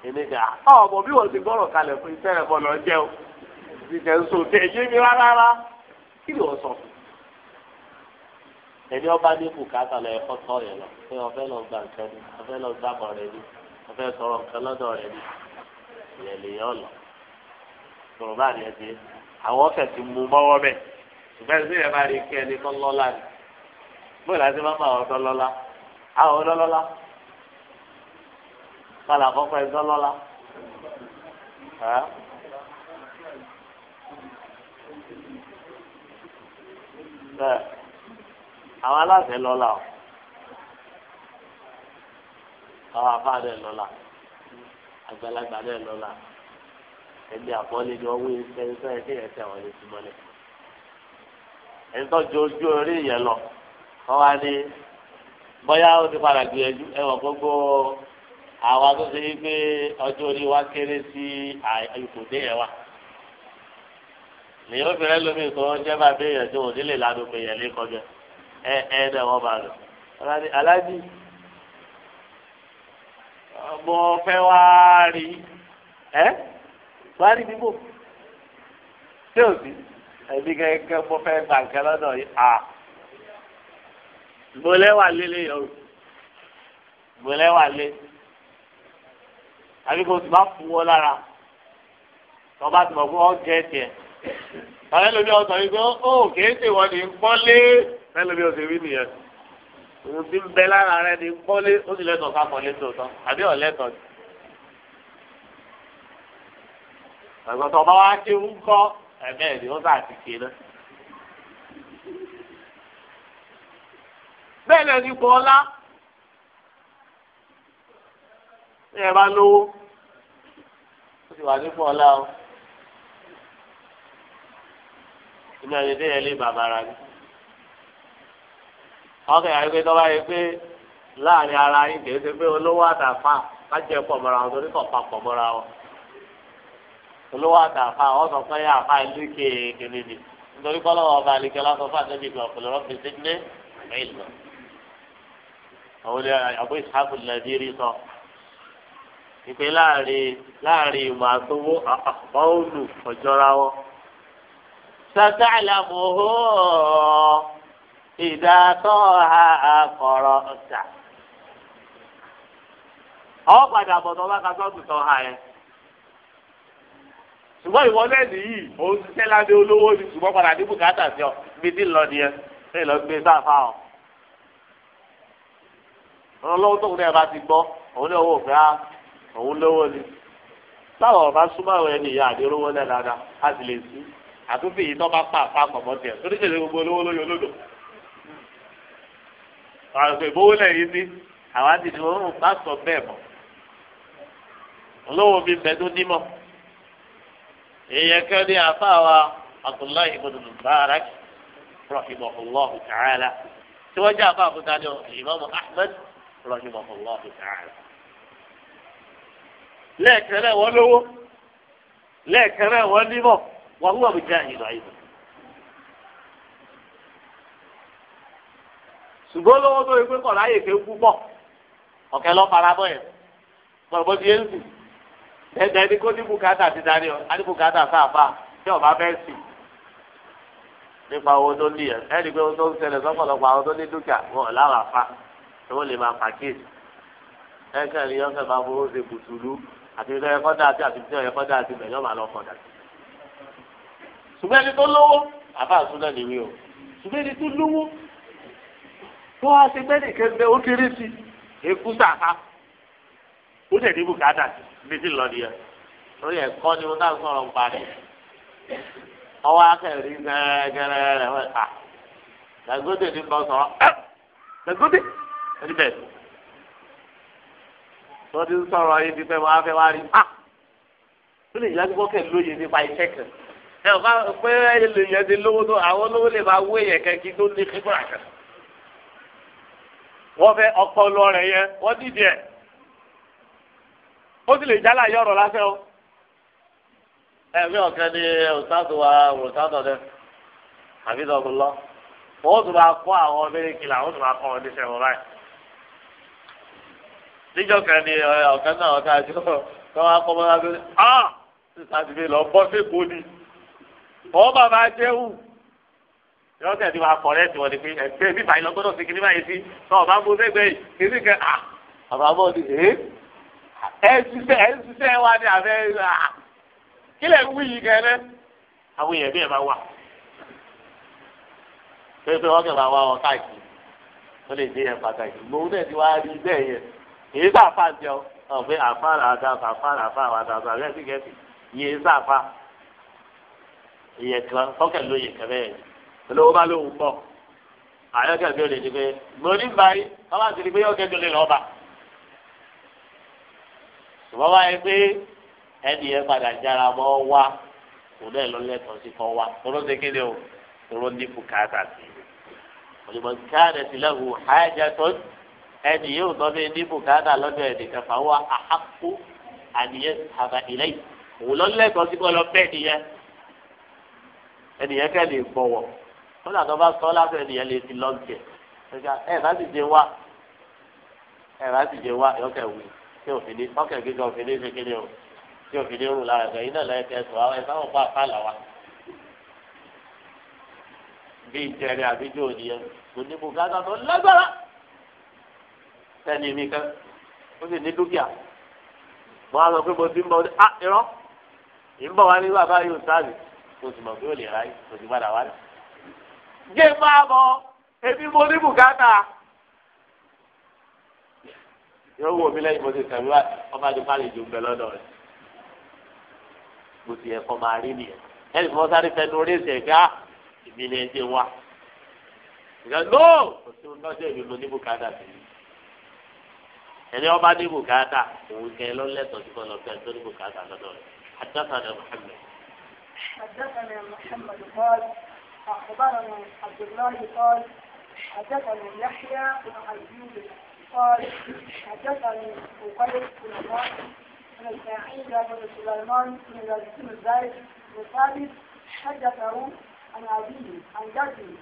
èmi kà ọ ọmọ bí wọ́n ti gbọ́rọ̀ kalẹ̀ fún iṣẹ́ rẹ̀ bọ́ lọ jẹ́ o ti tẹ̀ so tẹ̀ yé mi rárá kí ni wọ́n sọ fún ẹni ọba ní bùkátà lọ ẹ̀kọ́ tọ́ yẹn lọ pé ọfẹ́ lọ gba nǹkan ni ọfẹ́ lọ gbàmọ̀ rẹ ni ọfẹ́ sọ̀rọ̀ nǹkan lọ́dọ̀ rẹ ni ìyẹn lè yọ lọ sọ̀rọ̀ bá yẹn ti àwọn ọ̀kẹ́ ti mú mọ́wọ́ bẹ́ẹ̀ ṣùgbọ́n ẹni tí yẹn bá rí kí ẹni tó lọ́lá ni bóyá láti má má àwọn tó lọ́lá kálá àkọ́kọ́ ẹgbẹ́ lọ́la bẹ́ẹ̀ àwọn aláṣẹ lọ́la o àwọn afáà dẹ̀ lọ́la àgbàlagbà dẹ̀ lọ́la ẹgbẹ́ ni ọwọ́ iṣẹ́ iṣẹ́ ẹgbẹ́ yẹn tẹ̀ wọ́n lè ti mọ́lẹ̀ ojú orí yẹn lọ kọ́ wa àwa tó ṣe pé ọjọ́ orí wa kéré sí ipò déyẹn wa lèyìn obìnrin lómi tó ń jẹ́ bá béèyàn tó òní lè lanu pé yẹn lé kọjá ẹ ẹ náà wọ́n bá lò aláàbí mo fẹ́ wá rí ẹ wá rí bíbò tí ò sí ẹbí gẹ́gẹ́ mo fẹ́ gbà nǹkan lọ́dọ̀ yìí à mo lẹ́wà lé lè yọrù mo lẹ́wà àbí kò sì bá fún wọn lára tó bá ti fún wọn jẹ́ tiẹ̀. àwọn ẹlòmí ọ̀sán yìí pé ó kéé tè wọ́n ní pọ́nlé ẹlòmí ọ̀sẹ̀ wí nìyẹn. òun ti ń bẹ lára rẹ ní pọ́nlé ó sì lẹ́tọ̀ọ́ ká pọ́nlé tòótọ́ àbí ọ̀lẹ́tọ̀ọ́. ẹ̀gbọ́n tó bá wá ké ń kọ́ ẹ̀mẹ́ ẹ̀dí ó sáà ti ké náà. bẹ́ẹ̀ ni ẹni ní ẹ bá lówó ó sì wà ní fọlá o ìmọ̀ ẹ̀yẹ dé ẹ̀lẹ́ bàbàrà ni ọkẹ́ yàrá pé tọ́ba yẹ pé láàrin ara yín kìí ṣe pé olówó àtàfà má jẹ́ pọ̀ mọ́ra wọn torí kọ̀ pa pọ̀ mọ́ra wọn olówó àtàfà wọn sọ pé àfà ìlú kékeré ni nítorí kọ́ lọ́wọ́ ọba àlejò aláṣọ fún àtẹ́bí ìgbà ọ̀pọ̀lọ́ rọ́bì sí ní ìlú àwọn olè àbúrò ìsáàbù nàìjíríà sọ ìpè láàrin láàrin ìmọ̀ àtọwọ́ ọ̀hún ọ̀jọ́ra wọn. sọ́tà àlàmúhó ìdàtọ̀ àkọ̀rọ̀ ọ̀tà. àwọn padà bọ̀ tó bá ka sọ́ọ̀tù tọ́ ha yẹn. ṣùgbọ́n ìwọ náà nìyí òun ti tẹ́lá ní olówó ni ṣùgbọ́n padà ní bùkátà sí ọ bí ti lọ nìyẹn ṣé ìlọ gbé sáfà ọ. ọlọ́wọ́ tó kù náà bá ti gbọ́ òun ní owó òfin òun lówó ni táwọn ọba súnmọ́ àwọn ẹni ìyá àdé olówó dáadáa á sì lè sí àtúntì yìí tó bá pa àpapọ̀ mọ́ tiẹ̀ gbogbo olówó lóye olódò àgbẹ̀ ìbówó lẹ́yìn sí àwọn àti ìdìbò ń bá sọ bẹ́ẹ̀ mọ́ olówó mi bẹ́ẹ̀ tó nímọ̀ èèyàn kan ní àfáàwà Abdullahi ibn Mubarak rahimahullah ta'ala tí wọ́n jẹ́ lẹ́ẹ̀kan náà wọ́n lówó lẹ́ẹ̀kan náà wọ́n nímọ̀ wọ́n wọ́n mi tó yẹ pé kọ̀ láyè kú ọ̀kẹ́ lọ́ fara yẹn pọ̀lọ́pọ̀ ti ń kó ní bùkátà ti darí ọ á bùkátà sáàfà tí ọba fẹ́ sì nípa owó tó ní yẹn pé owó tó ń sọ́pọ̀lọpọ̀ àwọn tó ní dúkìá wọn ò fa lè máa máa àti ìtọ́ ẹ̀kọ́ dà sí àti ìtọ́ ẹ̀kọ́ dà sí bẹ̀ yọ́mà lọ́kọ̀ dà sí. ṣùgbọ́n ẹni tó lówó àbá àtúndà ni wí o ṣùgbọ́n ẹni tó lówó tó wá ṣe bẹ́ẹ̀ nìkan bẹ́ẹ̀ ó kéré sí ekú sàká ó dẹ̀ níbù káàdà sí bí ti lọ nìyẹn lórí ẹ̀kọ́ ni mo náà sọ̀rọ̀ ń parẹ́ ọwọ́ akẹ́rì gẹ́gẹ́rẹ́ rẹ̀ wọ́n ta Dangote ni mo sọ̀rọ̀ Dangote ẹni wọ́n ti ń sọ̀rọ̀ yìí ti fẹ́ wọ́n á fẹ́ wá rí i. Ah! ó lè yá gbọ́ kẹ́lẹ́ lóye nípa iṣẹ́ kan. ẹ ò bá pé èèyàn ti lówó tó àwọn olówó lè máa wé yẹn kẹ́kí tó ní kíkúrà kan. wọ́n fẹ́ ọpọlọ rẹ̀ yẹn wọ́n dìde ẹ̀. ó sì lè jálà yọ̀rọ̀ lásẹ̀ o. ẹ̀mí ọ̀kan ni ọ̀sáàtò wa ọ̀sáàtò dẹ àbí dọ̀gbọ̀lọ́. wọ́n tún máa kọ́ àwọn ọmọ níjọ́ kan ní ọ̀kan náà ọ̀kan àjọ tó wá kọ́ bọ́lá tó ní ah sísàtìmí lọ bọ́ sépò ni ọwọ́ bàbá jẹ́wù yọ̀ọ́kẹ́ ti wà kọ̀rẹ́ tiwọn ni pé ẹgbẹ́ bíbá yìí lọ́gbọ́dọ̀ sí kìnnìún báyìí sí náà ọba mú sẹ́gbẹ́ yìí kìnnìún kẹ́ ah bàbá bọ́ ni ẹ́ ṣiṣẹ́ ẹ́ ṣiṣẹ́ wa ni àbẹ́ kílẹ̀ ń wí yìí kẹ́rẹ́ àwọn èèyàn bí ẹ̀ máa wà pé pé wọ́n kẹ́ máa wá wọn káàkiri wọ́n lè dé ẹ̀ pàtàkì gbòòrò èyí sàfà jẹ ọ ọ̀gbìn àfà àdá àfà àfà àdá àfà rẹ sígẹ̀sì yìí sàfà ìyẹn kan fọ́kẹ̀ lóye kẹfẹ́ yẹn olówó bá lóhùn pọ̀ àyọkẹ́ bí o lè di pé gbòòdì báyìí ọba ti di pé yọkẹ́ tó lè lọ́ba ṣùgbọ́n wáyé pé ẹni yẹn padà jára mọ́ wá kò náà lọ lẹ́tọ̀ọ́ sí kọ́ wá kóró ṣe kéde o kóró ní bùkátà sí i òyìnbó káàdì sílẹ̀ hù hájà tó ń ẹni yóò tọ́ bí ní bùkátà lọ́dọ̀ ẹ̀dì kẹfà wá àhákó àníyàn àbá ilé yìí òun lọ lẹ́kọ̀ọ́ sí bọ́ọ̀lù ọ̀pẹ́ nìyẹn ẹnìyẹn kẹ́ lè bọ̀wọ̀ kódà tó bá sọ lábẹ́ ẹnìyẹn lè fi lọ́ọ̀kẹ́ ẹ̀ bá sì jẹ wá ẹ̀ bá sì jẹ wá ẹ̀ọ́kẹ́ wù tí òfin ní ọ̀kẹ́ gíga òfin ní kékeré o tí òfin ní rùn lára ẹ̀gbẹ́ iná lọ́yẹ̀ kẹsàn án ẹ̀ sáwọn pa àpáàlà wa bí ìjẹrẹ àbíjọ ònìyẹn kò ní bùkátà tó lágbára sẹ́ni mi kan ó sì ní dúkìá mo á sọ pé mo ti ń bọ̀ ọ́ ah irọ́ ń bọ̀ wá ní bàbá yóò sáàbì kò sì mọ̀ pé ó lè ráyè kò sì padà wá ní. jẹ́ e máa mọ èmi mo ní bùkátà yóò wò mí lẹ́yìn mo ti kàn wá ọba ti pálí ju bẹ lọ́dọ̀ rẹ̀ mo ti yẹ máa rí nìyẹn ẹnì kan sáré fẹnu orí ẹsẹ̀ gá ìbílẹ̀ ẹjẹ̀ wá. ìgbà lóò kò sí ohun tó ṣe ní bùkátà sí i. ẹni ọba ní bùkátà òun kẹ lọ́lẹ́tọ̀ tí wọ́n lọ fẹ́ tó ní bùkátà lọ́dọ̀ rẹ̀ حدثنا محمد حدثنا محمد قال أخبرنا عبد الله قال حدثني يحيى بن أيوب قال حدثني أقيل بن قاسم بن إسماعيل بن سليمان بن بن زيد بن ثابت حدثه عن أبيه عن جده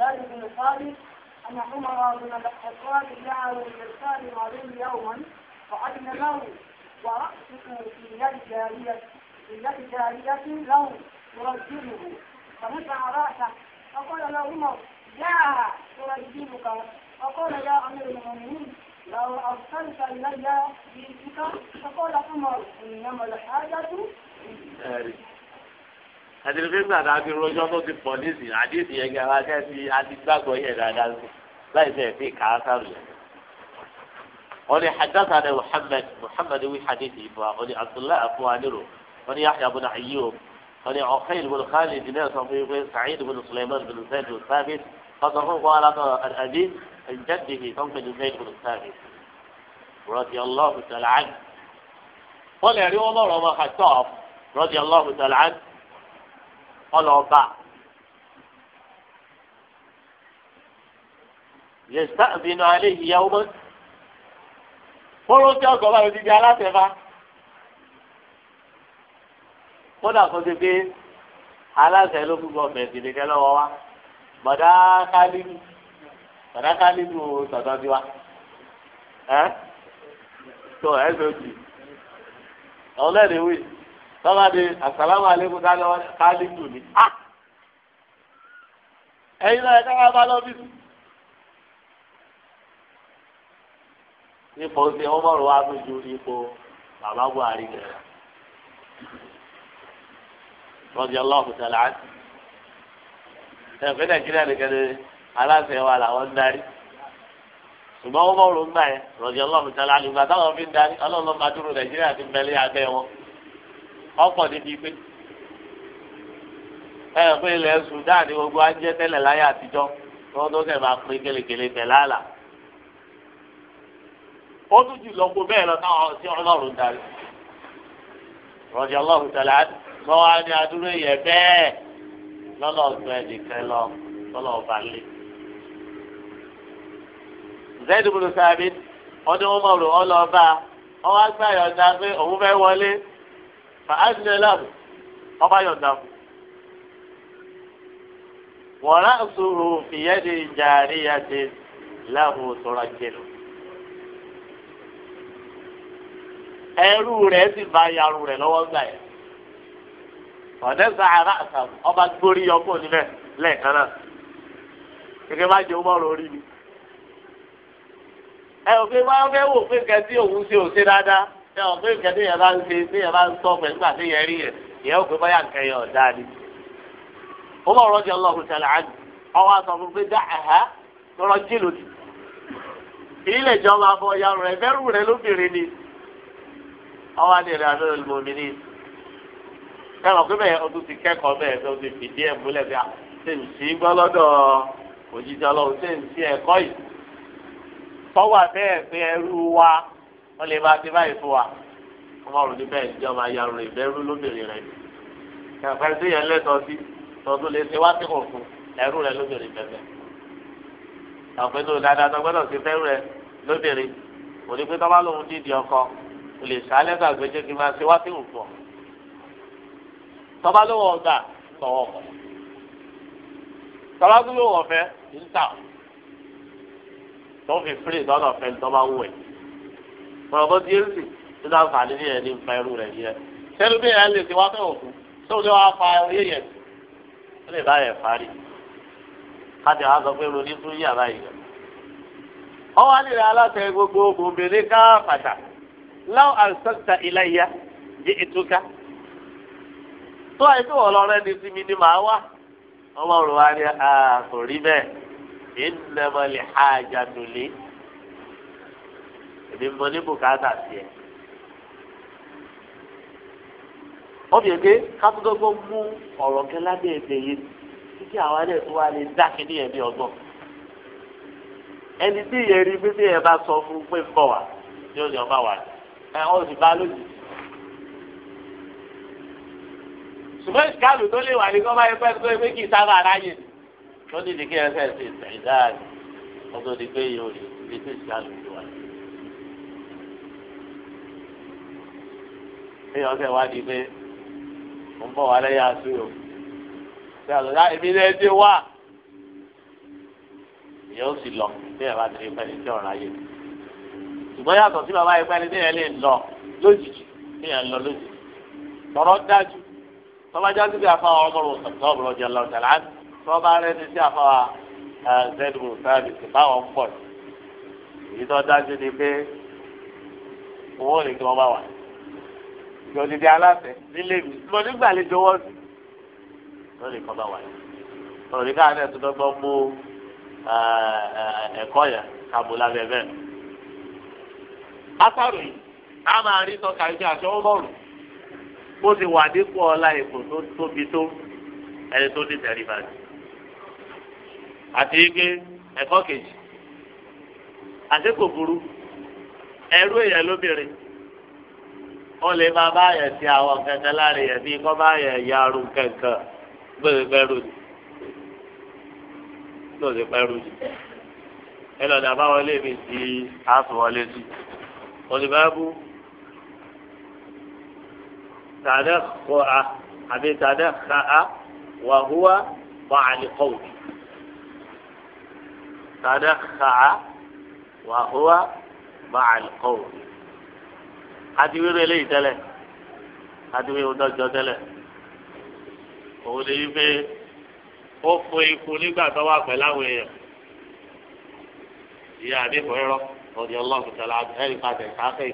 زيد بن ثابت أن عمر بن الخطاب جاء للإرسال عليه يوما فأجنبه ورأسه في يد جارية في يد جارية له ترجمه فرفع رأسه فقال له عمر دعها ترجمك فقال يا أمير المؤمنين لو أرسلت إلي بيتك فقال عمر إنما الحاجة àti pé gbàdá fi rojọ́ tó ti pọ̀ nísìn àdéhùn yẹn gẹ́gẹ́ abájá sí adigbàgbọ́ yẹn dáadáa sí láì sẹ́ fi kà á sáré yẹn. ولي حدثنا محمد محمد وي حديثي ولي عبد الله أبو عامر ولي يحيى بن أيوب ولي عقيل بن خالد بن سعيد بن سليمان بن زيد بن ثابت فضره على الأبي عن جده ثم بن زيد بن ثابت رضي الله تعالى عنه ولي يعني والله ما خطاب رضي الله تعالى عنه ọlọ́ọ̀ba. yẹ̀sà ìbínú alẹ́ ìyàwó mọ́. fọ́nrán tí ọgọ́ bá ti di alátẹ̀fá. kódà kó ti pé aláṣẹ ló fún gọ́ọ̀mẹ̀ntì nìkẹ́ lọ́wọ́ wa bọ̀dá kálílù bọ̀dá kálílù wa. ẹ́ tó ẹ̀ lójì ọ̀lẹ́rìí wí. tọ́ba di asalamu aleykum káàlì tù ní. Ah! ẹ̀yin náà ẹ̀ka wá bá lọ́fíìsì. ipò ṣe wọ́n mọ̀rọ̀ wá tó ju ipò bàbá Buhari kẹrẹ. rọ́bì ọlọ́ọ̀kù tẹ̀lé á. ẹ̀fẹ́ nàìjíríà nìkan ni aláṣẹ wa làwọn ń darí. ṣùgbọ́n wọ́n mọ̀rọ̀ ń gbà yẹn tẹ̀lé á. ìgbà táwọn fi ń darí máa dúró nàìjíríà ti bẹ̀lẹ́ wọn. ọkọ̀ níbi pé ẹ pé ilẹ̀ Sudan ni gbogbo ajẹ́ tẹ́lẹ̀ láyé àtijọ́ tí wọ́n tó kẹ̀ máa pín kélekèle tẹ̀ lálà. ó tún jù lọ gbogbo bẹ́ẹ̀ lọ táwọn sí ọlọ́run darí. rọ̀jẹ̀ ọlọ́run tẹ̀lé lọ́ wá ní adúrú yẹ bẹ́ẹ̀ lọ́nà ọ̀gbìn ẹ̀dìkẹ́ lọ lọ́nà ọ̀bà lé. Zaid ibn Sabit ọdún mọ̀rún ọlọ́ọ̀bá ọwọ́ agbáyọ̀ dá pé òun fẹ́ wọlé. fàájì ẹlẹ́mù ọba yọ̀ǹda fún. wọ́n sòrò fìyẹ́dì jàrí àti lẹ́hùn sọ̀rọ̀ jìnnà. ẹrú rẹ̀ sì bá yarú rẹ̀ lọ́wọ́ gbà ara àtàm ọba gbórí ọkọ̀ níbẹ̀ lẹ́ẹ̀kan náà. gẹ́gẹ́ bá jẹ́ ọmọ mi. ṣé wọn pé nǹkan téèyàn bá ń ṣe téèyàn bá ń sọ pẹ̀ nígbà téèyàn rí ìyẹn ò pé báyà ọ̀dà ni. ó ọlọ́run ṣẹlẹ̀ àjù ọwọ́ aṣọ fún pé dá lọ́rọ̀ jí lòdì. ilé ya rẹ̀ bẹ́rù rẹ̀ lóbìnrin ni. ọwọ́ adé ẹ mọ̀ pé bẹ́ẹ̀ ọdún ti kẹ́kọ̀ọ́ bẹ́ẹ̀ tó ti fìdí ẹ̀ múlẹ̀ bí a ṣe ń sí wọ́n lè máa fi báyìí fún wa ọmọ ọ̀rùn níbẹ̀ ìjọ máa ya ọ̀rùn ìbẹ́rú lóbìnrin rẹ̀ kẹfẹ́ sí yẹn lẹ́tọ̀ọ́ sí tọ́tún lè ṣe wá sí kò fún ẹrú rẹ̀ lóbìnrin bẹ́ẹ̀ ọ̀pẹ́ tó dáadáa tó gbọ́dọ̀ sí fẹ́rù rẹ̀ lóbìnrin kò ní pé tọ́ba lòun dídì ọkọ kò lè sá lẹ́tọ̀ àgbẹ̀jẹ́ kí máa ṣe wá sí òfò tọ́ba lòun ọgbà tọwọ́ ọkọ̀ tọ́ba tó lòun ọ̀fẹ́ ń tà tó fi fírì lọ́nà mọ̀lọ́bọ́ díẹ̀ sì nínú àǹfààní ní ẹni nípa irú rẹ̀ yẹn sẹ́nu bí ẹ̀ lè ti wá fẹ́ràn fún tó lè wá fa oyè yẹn ó lè bá yẹn parí kájà wá sọ pé ronú fún yàrá yìí ọwọ́ nílẹ̀ aláṣẹ gbogbo obìnrin ká pàtà láwọn àṣàṣà ìlàyà yé ètòká tó àìsí ọlọ́rẹ́ ní sinmi ni màá wà ọmọ òrùn wa ni kò rí bẹ́ẹ̀ ìnàmọ̀lẹ̀ èmi mọ ní bùkátà sí ẹ. ọbẹ̀ pé kámúgọ́gọ́ mú ọ̀rọ̀ kẹ lábẹ́ ẹgbẹ́ yìí títí àwa náà tó wá lè dá kíní ẹ̀mí ọgbọ́n. ẹni tí ìyẹn rí pípé ẹ bá sọ fún pé ń bọ̀ wá ní oṣù ọba wà ẹ ọ sì bá lójijì. ṣùgbọ́n ìsìkáàlù tó lè wà ní kọ́má ẹgbẹ́ tó ẹgbẹ́ kì í sábà ráyè tó ní ìdíkẹ́ ẹsẹ̀ ṣe ìdáàdì ọdún ìdíkẹ́ yìí ò lè ti ìsìkáàlù ẹ̀yìn ọ̀sẹ̀ wá di pé ń bọ̀ wá lẹ́yìn aṣọ yòó ṣe àlọ́ èmi lè dé wá ìyẹn sì lọ bí ẹ̀ bá ti pẹ́ ní tí ọ̀rọ̀ ayé ṣùgbọ́n yàtọ̀ sí bàbá yẹn pẹ́ tí ẹ̀ lè lọ lójijì tí ẹ̀ lọ lójijì tọ̀rọ̀ dájú tọ́ba jáde bí afa ọmọ rò sọ̀tọ̀ ọ̀bùrọ̀ jẹ lọ tẹ̀lá tọ́ba rẹ ní sí afa zẹ́dùbù sáàbìsì báwọn ń pọ̀ èyí tó dájú ni pé owó lè bá wà ní ìgbà òdìdí aláṣẹ nílé mi mo nígbà lè jọwọ́ sí ló lè kọ́ bá wà yìí lórí káàdé tó dọ́gbọ́n mú ẹ̀kọ́ yẹn kábò lábẹ́ bẹ́ẹ̀. asáró yìí a máa rí sọ́ka ìgbà àṣọ rọrùn bó ti wà dípò ọlá èkó tó tóbi tó ẹni tó ní tẹ̀ríba jù àti ike ẹ̀kọ́ kejì àti kòkòrò ẹrú èèyàn lóbìnrin ó lè máa bá yẹn sí àwọn kankan lára yẹn bí kọ́ bá yẹn yarú kankan gbèrè pẹ́rù ni ló lè pẹ́rù ni ẹ lọ́dà báwọlé mi ti àfọwọlé sí olùbáàbù tàdé kọ́ a àbí tàdé ká a wà húwa wà àlìkọ́wù tàdé ká a wà húwa wà àlìkọ́wù. àti wíwé eléyìí tẹ́lẹ̀ àti wíwé ọdọ́jọ́ tẹ́lẹ̀ òun lè yí pé ó fún ikú nígbà tó wà pẹ̀lú àwọn èèyàn ìyá àdéhùn ẹ̀rọ ọ̀dì ọlọ́run tẹ̀lé ẹ̀rí padà káfẹ́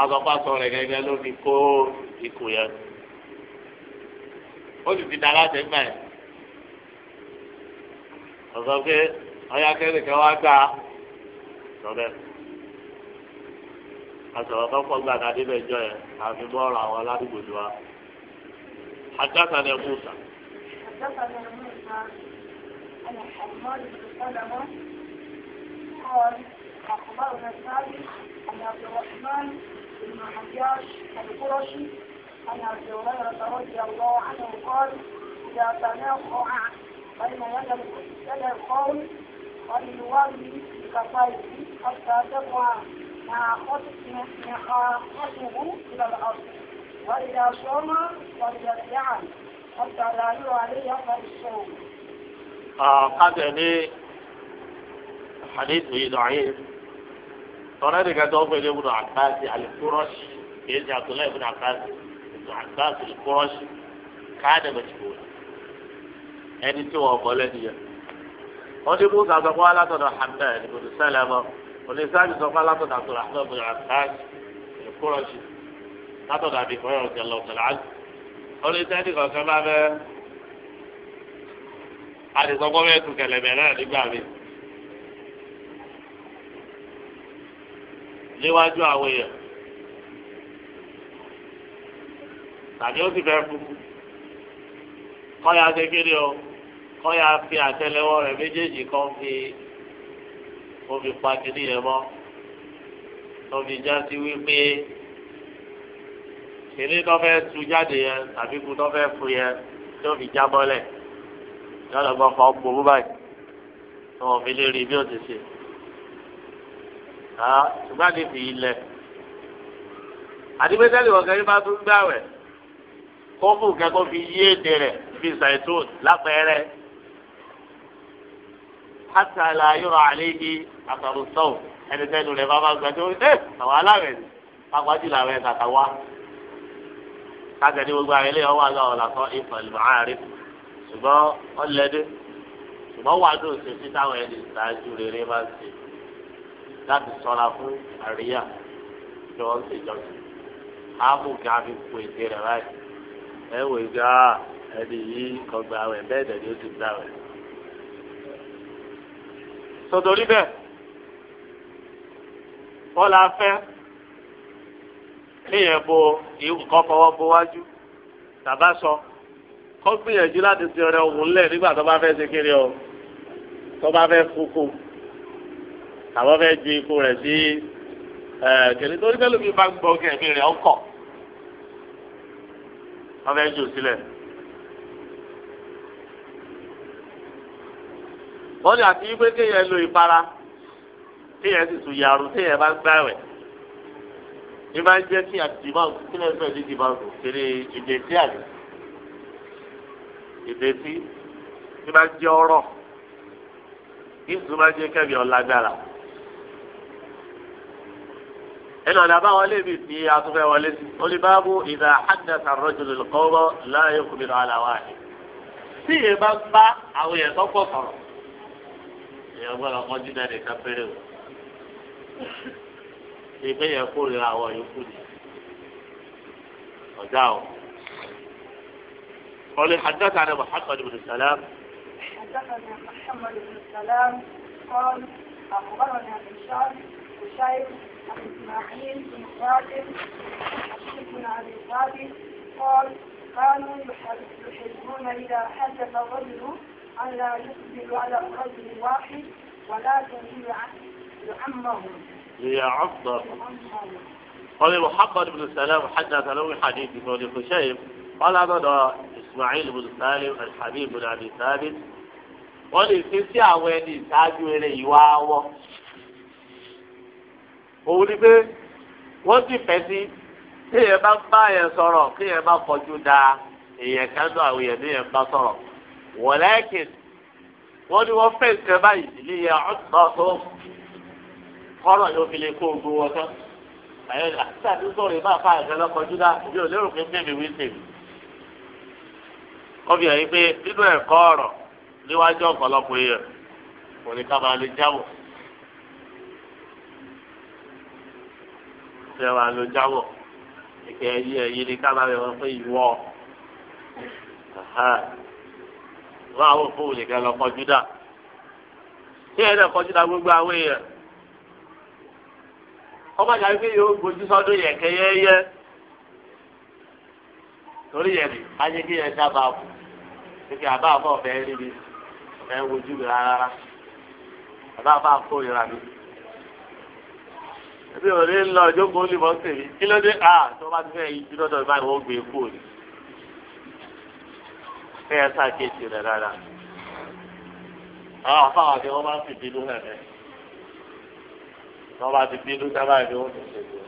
agbapasọ rẹ gẹ́gẹ́ ló fi kó ikú yẹn ó sì ti da láti gbà yẹn ọ̀sán pé ọyá kẹ́rìnkẹ́ wá gbà asọ̀rọ̀ kọ́kọ́ gba àdàdé bẹ̀ jọ yẹn àfi bọ́ọ̀rọ̀ àwọn aládùúgbò ti wa. àjàkà ni ẹkún sà. àjàkà ni ẹkún sà ẹnì àmọ́ ìfọdàmọ́ kọ́ أخبرنا الثالث أن عبد الرحمن بن حجاج القرشي أن عبد هريرة رضي الله عنه قال إذا تناقع بين يد القول فليولي بكفيه حتى تقع مع خصمه إلى الأرض وإذا صوم وإذا ارتعل حتى لا يرى عليه أثر الصوم. قد يعني حديثه ضعيف طريقة كانت أقول ابن عباس القرش يرجع عبد الله بن عباس ابن عباس القرش كان مجهولا ẹni tí wọn bọ lẹni yẹn wọn ní musa sọ fún alásọdọ hamdan ibùdó sálẹmọ onísàbí sọ fún alátọ̀dà tó rà lọ́dọ̀ bọ̀dọ̀ àtàkì ìkúrọ̀ṣì látọ̀dà bí fọyọ̀ ọ̀jẹ̀ lọ́tọ̀lá onísàbí kọ̀ọ̀kan bá bẹ́ àdìsọ́gbọ́n bẹ́ẹ̀ tún kẹlẹ̀bẹ̀ náà nígbà mi. níwájú àwọn èèyàn tàbí ó sì fẹ́ fún kọ́ya kékeré o kọ́ya fi àtẹlẹwọ́ rẹ̀ méjèèjì kan fi ó fi pa kínní yẹn mọ́ tó fi já sí wípé kínní tó fẹ́ tu jáde yẹn tàbí kú tó fẹ́ fu yẹn tó fi já bọ́lẹ̀ yọ̀dọ̀ gbọ́n fa ọ̀pọ̀ mú báyìí tó wọ́n fi lè rí bí ó ti ṣe. Ah, ṣùgbọ́n àti fi ilẹ̀ àdìgbẹ́sẹ̀lì wọ̀n kẹ́rin bá tún gbàwẹ̀ kó fún kẹ́kọ̀ọ́ fi yé èdè rẹ̀ fi ṣàìtún lápẹ̀ẹ́rẹ́ hàtà làyọrọ àléhi àtàrò sọ̀rọ̀ ẹni tẹ́nu rẹ̀ bá bá gbà tó ẹ àwọn aláwẹ̀ ni pàápàá jùlọ àwọn ẹ̀ tàtà wá. kájà ní gbogbo àyẹlẹ ọwọ́ àgbà ọ̀la kan ìfọ̀ ìlúmọ̀árì ṣùgbọ́n ọlẹ́dẹ́ ṣùgbọ́n wà ló ṣe sí táwọn ẹni ìṣáájú rere máa ṣe láti sọra fún àríyá tí wọ́n ń ṣèjọ́sìn. áàmù kí a fi po ète rẹ̀ báyìí ẹ wò ó ah, ẹni yìí kọgbà rẹ̀ bẹ́ẹ̀ dẹ̀ ó ti gbà rẹ̀ sọdọ̀rí bẹ́ẹ̀ wọ́n la fẹ́ níyẹn bo nǹkan fọwọ́ bo wájú tàbá sọ kó gbìyànjú láti ti ọrẹ òun lẹ̀ nígbà tó bá fẹ́ ṣe kiri o tó bá fẹ́ fukù tàbá fẹ́ ju ikú rẹ̀ sí kìnìún torí pẹ́lú mi bá ń gbọ́ kẹ̀mí rẹ̀ ọkọ̀ wọ́n fẹ́ jù sílẹ̀. wọ́n ní àti wípé kéèyàn lo ìpara kéèyàn sì tún yàrá kéèyàn bá ń gbàwẹ̀ ní bá ń jẹ́ kí àtìmáwò kí lè fẹ́ ní ìdìbàwò kéré ìdètí àlè ìdètí ní bá ń jẹ́ ọ̀rọ̀ ìtù bá ń jẹ́ kẹ́mi ọ̀làgbára. ẹnu ọ̀nà àbáwọlé mi ti atúfẹ́ wọlé sí olùbáàbò ìdá àdàtà rọ́jòlè lọ́kọ́rọ́ láàyè kùmìnà àlàwà rẹ̀. tí èèyàn bá bá àwọn èèyàn tó pọ̀ sọ̀rọ̀ èèyàn gbọ́dọ̀ kọjú náà nìkan péré o ìpè yẹn kórìíra àwọn yòókù ni ọ̀gá o. قال حدثنا محمد بن سلام حدثنا محمد بن سلام قال أخبرنا هشام وشايب عن إسماعيل بن خالد بن أبي خالد قال كانوا يحبون إذا حدث الرجل ألا يقبل على الرجل الواحد ولكن يعمهم ليعظهم قال محمد بن سلام حدث له حديث بن خشيب قال أنا إسماعيل بن سالم الحبيب بن أبي ثابت wọ́n lè fi sí àwọn ẹni ìṣáájú rẹ̀ ìwà wọn. òun ni pé wọ́n sì fẹ́ sí kéèyàn bá bá yẹn sọ̀rọ̀ kéèyàn bá kọjú da èèyàn kan tó àwọn èèyàn níyẹn bá sọ̀rọ̀ wọ̀lẹ́kìn wọ́n ní wọ́n fẹ́ nǹkan báyìí ìdílé yẹn ọ̀tọ̀ tó kọ́rọ̀ yóò fi lè kó ogun wọn tán àyẹ̀ àtúntà tó sọ̀rọ̀ ìbá fa àgbẹ̀ lọ́kọ̀ọ́jú dá bí ò lérò pé bèbè wí tèmi. ọbẹ̀ yẹn pé nínú ẹ̀kọ́ ọ̀rọ̀ níwájú ọ̀pọ̀lọpọ̀ èèyàn kò ní ká lè jáwọ̀. ṣé wàá jáwọ̀ ìkẹyẹ yìí ni ká máa bẹ̀ wọ́n pé ìwọ. wọn àwọn fo nìkan lọ kọjú dà tí ẹ náà kọjú gbogbo àwọn èèyàn ọba jà wípé yóò gbójú sọdún yẹn kẹyẹyẹ torí yẹn ni ayé kí yẹn dábàá fún kékeré àbá àfọ ọbẹ rí mi wojú mi rárá àbá mi lọ ìjókòó mi kí a tó bá ti fẹ́ ṣé ẹ ṣàkíyèsí rẹ̀ rárá. àwọn afáwọn ni wọ́n máa ń fi bínú hàn mẹ́. wọ́n bá ti bínú sábà ní wọ́n ti ṣètò.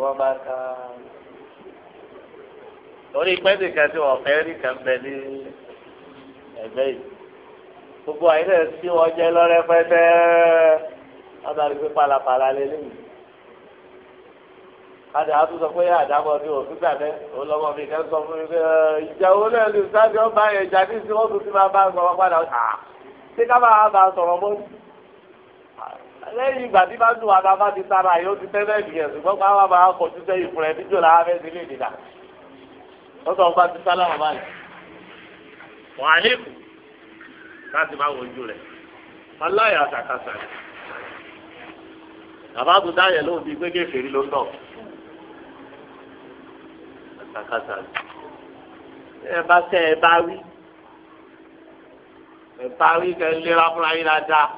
wọ́n bá ká torí pẹ́ẹ́nì kan tí wọ́n fẹ́ rí kan bẹ ní ẹgbẹ́ yìí gbogbo àyínlẹ̀ tí wọ́n jẹ́ lọ́rẹ́ pẹ́ẹ́tẹ́ wọ́n bá rí pé pálapàla lé adà àtún sọ pé àdàbọ̀ ni òfin gbàgbẹ́ olọ́mọ mi kẹ́ sọ fún mi pé ìjà owó náà ni sáfì ọba ìjà ní ìsìn wọn tún ti máa bá gbọmọ padà à ṣé ká máa bá sọ̀rọ̀ mọ́ lẹ́yìn ìgbà tí bá dùn àgbà bá ti sára yìí ó ti tẹ́lẹ̀ nìyẹn ṣùgbọ́n pé àwọn máa kọjú sẹ́yìn fún ẹ níjọ́ làwọn fẹ́ẹ́ sílé ìdìdà wọ́n sọ bá ti sálà wọn báyìí wọ́n á láti má wojú rẹ̀ aláyà àtàkàsà ni tó dáyẹ̀ lóhùn bíi pé kéferì ló ń dọ̀ kàkàtà ni ẹ bá tẹ ẹ bá wí ẹ bá wí kẹ lera fúnra yín la dáa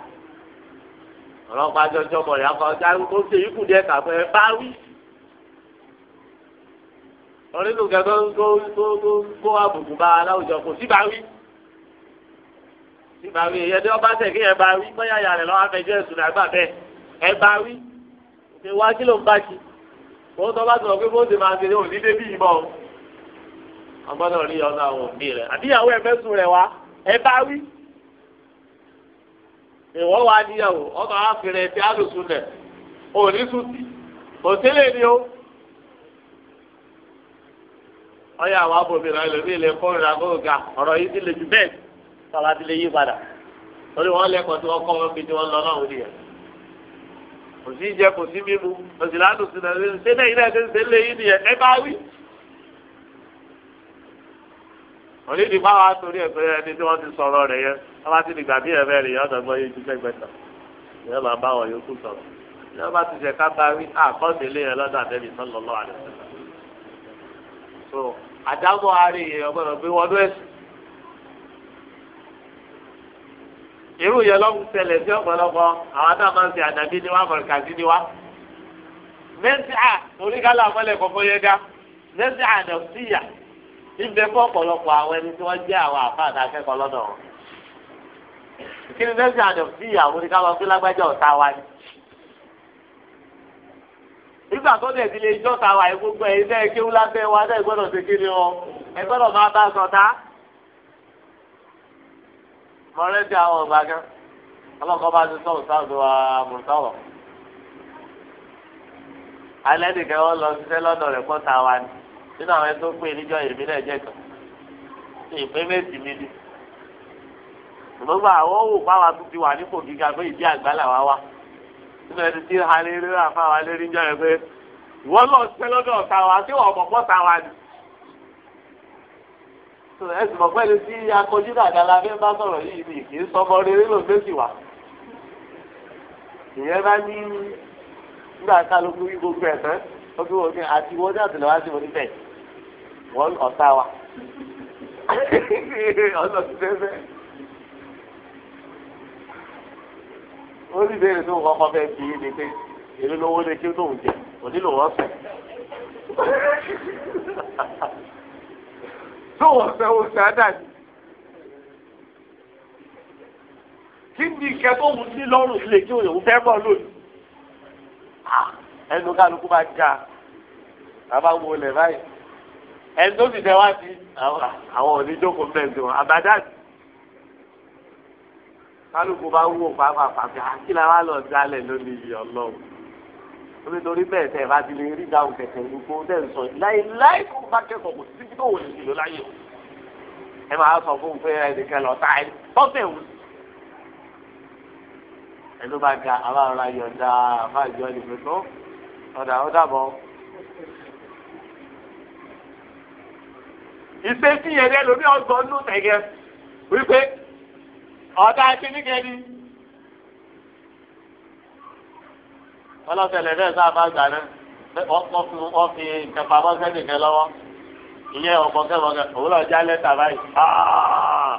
ọlọ́pàá jọjọ bọ̀ yà kọ́ ọjà ó ṣe ikú díẹ̀ kàfẹ́ ẹ bá wí. onílù kẹ́kọ́ tó tó tó kó àbùkù bá aláwùjọ kò sí bá wí. sí bá wí ẹ̀yẹ́ tí wọ́n bá tẹ̀ kí ẹ bá wí bóyá yàrá lọ́wọ́ afẹ́jọ́ ẹ̀sùn àgbà bẹ́ẹ̀ ẹ bá wí. ìwà kí ló ń bá kí. wọ́n tọ́ bá sọ pé bó ṣe máa ṣe òní débi ìbọn o ọgbọ́dọ̀ rí ọ̀nà àwọn òbí rẹ̀ àbíyàwó ẹ̀ fẹ́sùn rẹ̀ wá ẹ bá wí. ìwọ́ wa níyàwó ọmọ àfẹ́rẹ́ ti àlùsùn rẹ̀ òní sùtì òtẹ́lẹ̀ ni ó. ọyọ àwọn abòmìnira ọ̀rọ̀ yìí ti lè jù kò sí jẹ kò sí mímu kò sí ládùn sí náà ṣé náà ilé ẹsẹ ṣe ń lé yín nìyẹn ẹ bá wí. onídìí máa wá torí ẹ pé ẹni tí wọ́n ti sọ̀rọ̀ rẹ̀ yẹn wọ́n bá ti di gbàgbé ẹ̀ bẹ́ẹ̀ lèyàn ọ̀dọ́gbọ́n yóò ju sẹ́gbẹ̀ta ìyẹn máa bá wọn yòókù sọ̀rọ̀ ìyẹn bá ti jẹ ká bá wí àkọsí lé yẹn lọ́dọ̀ àtẹ́bí sọ́lọ́lọ́ àdàmọ́ àárẹ̀ yẹn ọgbọ́dọ̀ gbé wọnú ẹ̀sìn irú yẹn lọ́wọ́ ṣẹlẹ̀ sí ọ̀pọ̀lọpọ̀ àwọn tá a máa ń ṣe àdàbí ni wá mọ̀lùkàsí ni wá. mẹ́sà oríkálà mọ́lẹ̀ kọ́kọ́ yẹn dá mẹ́sà àdàbíyà ibẹ̀ fún ọ̀pọ̀lọpọ̀ àwọn ẹni tí wọ́n jẹ́ àwọn àfa àtàkẹ́kọ̀ọ́ lọ́dọ̀ wọn. kí ni mẹ́sà àdàbíyà oríkálà fún lágbájá ọ̀tá wa ni. nígbà tó dẹ̀ ti lè jọ́ta wa gbogbo ẹ̀ mọ̀rẹ́ bí àwọn ọ̀gbà gan ọlọ́kọ́ bá ti sọ̀rọ̀ sáàdù wa mùsọ̀rọ̀ alẹ́ nìkan wọ́n lọ ṣiṣẹ́ lọ́dọ̀ rẹ̀ kọ́ta wa ni nínú àwọn ẹni tó pè níjọ èmi náà jẹ́ kan ìpè méjì mi ni àwọn òwò ti wà nípò gíga pé ìdí wa. wá nínú ẹni tí níjọ pé ìwọ́n lọ ṣiṣẹ́ lọ́dọ̀ ẹ̀sìn mọ̀ pẹ́lú tí akọjú dàda la fẹ́ bá sọ̀rọ̀ yìí ni kì í sọmọ rere ló gbé sí wa. ìyẹn bá ní nígbà kálukú yí gbogbo ẹ̀ tán ó fi wọ́n ní àti wọ́n ní àtìlẹ́wọ́ àti wọ́n níbẹ̀ wọ́n ọ̀tá wa. ọ̀nà ti fẹ́fẹ́. ó sì béèrè tó kọ́kọ́ fẹ́ bí ní pé èlé lówó lè kí lóun jẹ òní lòun ọ̀sẹ̀ tó wọ́n sanwó sáadà ni. kí ni ìkẹ́ tó wù sí lọ́rùn sílẹ̀ kí òyìnbó fẹ́ bọ̀ lónìí. ẹnu kálukú bá já bàbá wo lẹ̀ báyìí ẹni tó sì tẹ́ wá sí àwọn oníjókòó mẹ́rin wọn àbájáde kálukú bá wúwo pàápàá pàápàá kí la wá lọ dálẹ̀ lónìí ọlọ́run nítorí bẹ́ẹ̀ tẹ̀ bá ti lè rí dáhùn kẹ̀kẹ́ gbogbo tẹ̀ ń sọ láì láì kó bá kẹ́kọ̀ọ́ kò sí tó wò nílò láyè o. ẹ máa sọ fún un pé ẹnìkan lọ ta ẹ tọ́tẹ̀ wù. ẹnu bá ga aláàrọ̀ ayọ̀dá àbájọ nìkan tó ọ̀dà ọ̀dà bọ̀. ìṣesí yẹn lẹ́nu ní ọgbọ́n nù tẹ̀gẹ́ wípé ọ̀dà kíníkẹ́ ni. ọlọ́sẹ̀lẹ̀ bẹ́ẹ̀ sábà gbà náà ọkọ̀ fún wọn fi kẹpàmọ́ lọ́wọ́ ìyẹn ọ̀pọ̀ òun já lẹ́tà báyìí ah!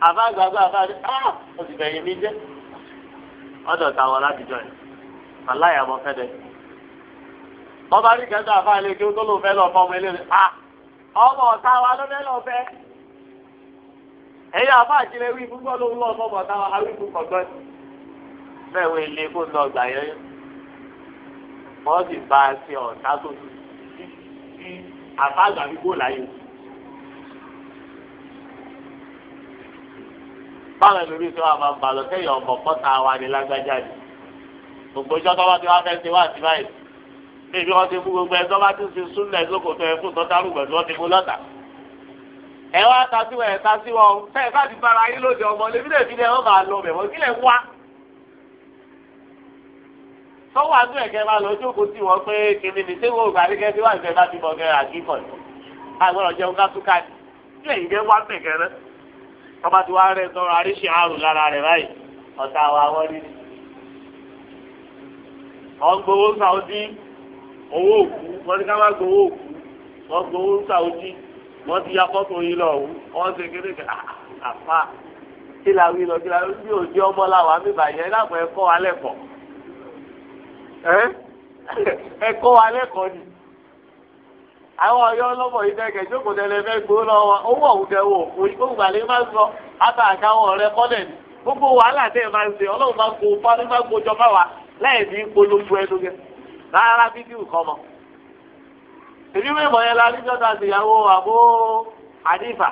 ah! ó sì bẹ̀yìn jẹ́ ọ̀dọ̀ táwọn aláya fẹ́ dẹ wọ́n bá rí kí ó lọ fọ́ ọmọ ah! ọmọ ọ̀tá wa ló fẹ́ ẹ̀yin wí fún ọmọ ọ̀tá wa bẹ́ẹ̀ wọ ilé kó ń lọ gbà yẹn wọ́n sì bá a ṣe ọ̀tá tó ti àfáàgbà gbígbó láyé. báwọn ẹlòmíì tí wọn máa ń balọ̀ sẹ́yìn ọmọ pọ́tà wa ni lágbájá ni gbogbo ìjọba wa ti wá fẹ́ ṣe wá sí báyìí bíbí wọn ti mú gbogbo ẹ tó bá ti ṣe súnlẹ̀ lókòtò ẹ fún tọ́tàrú pẹ̀lú wọn ti mú lọ́tà ẹ wá ta sí wọn ẹ ta sí wọn ẹ káàdì bára yín lóde ọmọ lébílẹ̀ ìbílẹ̀ wọn máa lọ bẹ̀ wọ́n kílẹ̀ wá tọ́wọ́ àdúrà ẹ̀kẹ́ máa lọ jókòó sí wọn pé kìnìún ní sẹ́wọ́ ògbà àríkẹ́ tí wà ní ẹ̀dá ti bọ̀gẹ́ àgbíkọ̀ ni àgbọ̀rọ̀ jẹun kásúkà ni tí ẹ̀yìn kẹ́ wá bẹ̀ kẹ́rẹ́ tọ́ba ti wá rẹ̀ tọrọ àríṣe àrùn lára rẹ̀ báyìí ọ̀tá wa wọ́n rí ni. wọ́n gbowó Saudi owó òkú wọ́n ní ká má gbowó òkú wọ́n gbowó Saudi wọ́n ti ya fọ́tò yìí lọ òun wọ́n ṣe ẹ kó wa lẹ́kọ̀ọ́ ni àwọn ọyọ lọ́mọ yìí dẹ́gẹ̀ jókòó tẹ́lẹ̀ fẹ́ gbó lọ́wọ́ owó ọ̀hún tẹ wò òyìnbó gbàlẹ́ máa sọ àbá àtàwọn ọ̀rẹ́ kọ́lẹ̀ ni gbogbo wàhálà tẹ́ ẹ máa jọba wa láì polówó ẹnu gẹ rárá fídíò kan mọ. èmi yẹn la àbó àdìfà.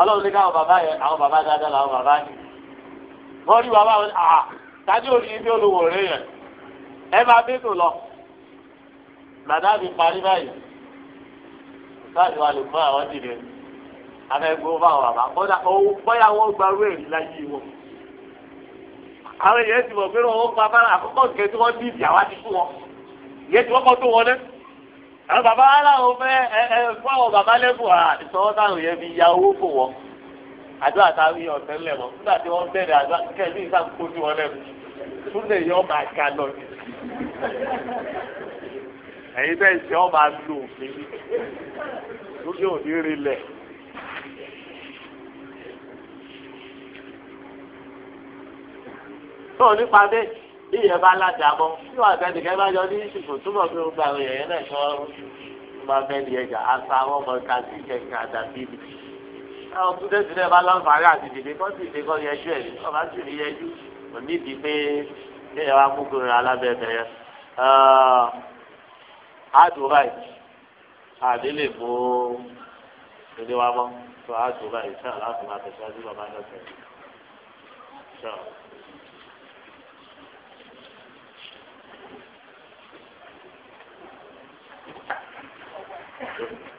ọlọ́run ní káwọn bàbá yẹn àwọn bàbá dáadáa làwọn bàbá yẹn. wọ́n rí wàhálà wọn à tàbí òní ibi olówó rẹ̀ yẹn ẹ máa bí lọ gbàdá mi parí báyìí sáàdì wa lè fún àwọn dìde afẹ́gbó fáwọn bàbá kọ́dà owó bóyá wọ́n gba owó èrè láyé wọn. àwọn èèyàn ti mọ̀ pé wọ́n pa bára àkọ́kọ́ nǹkan tí wọ́n dìbì àwa ti fún wọn ìyẹn tí wọ́n kọ́ tó wọlé. àwọn bàbá aláwọ̀ fẹ́ ẹ ẹ fún àwọn bàbá lẹ́bùn àà ìsọwọ́ táwọn yẹn fi ya owó fò wọ́n àdúrà táwọn yìí ọ̀sẹ̀ ńlẹ̀ mọ́ nígbà tí wọ́n bẹ̀rẹ̀ àdúrà kẹ́lí ìsàn kójú wọn lẹ́nu tún lè yọ máa ga lọ ni ẹ̀yin bẹ́ẹ̀ ṣe ọ́ máa lo òfin lókè òní rilẹ̀. tó nípa bẹ́ẹ̀ bí ìyẹn bá ládàmọ́ tí wàá bẹ́ẹ̀ nìkan bá yọ ní ìṣòfò túbọ̀ pé gbogbo àwọn èèyàn náà ṣọ́ máa bẹ́ẹ̀ ní ẹja àṣà àwọn ọmọ ìka sí kẹ̀kẹ́ àdàbí mi àwọn túdẹ́sì náà bá láǹfààní àti dìde kọ́ sì dé kọ́ yẹjú ẹ̀ ọba sì rí yẹjú kò ní ìdí pé kéèyàn wá kúkú rẹ alábẹ́ ẹ̀bẹ̀ yẹn. àdùn báyìí àdé lè mú ilé wa mọ́ tó àdùn báyìí sáà láti máa tẹ̀síwájú bàbá náà tẹ̀lé. Thank you.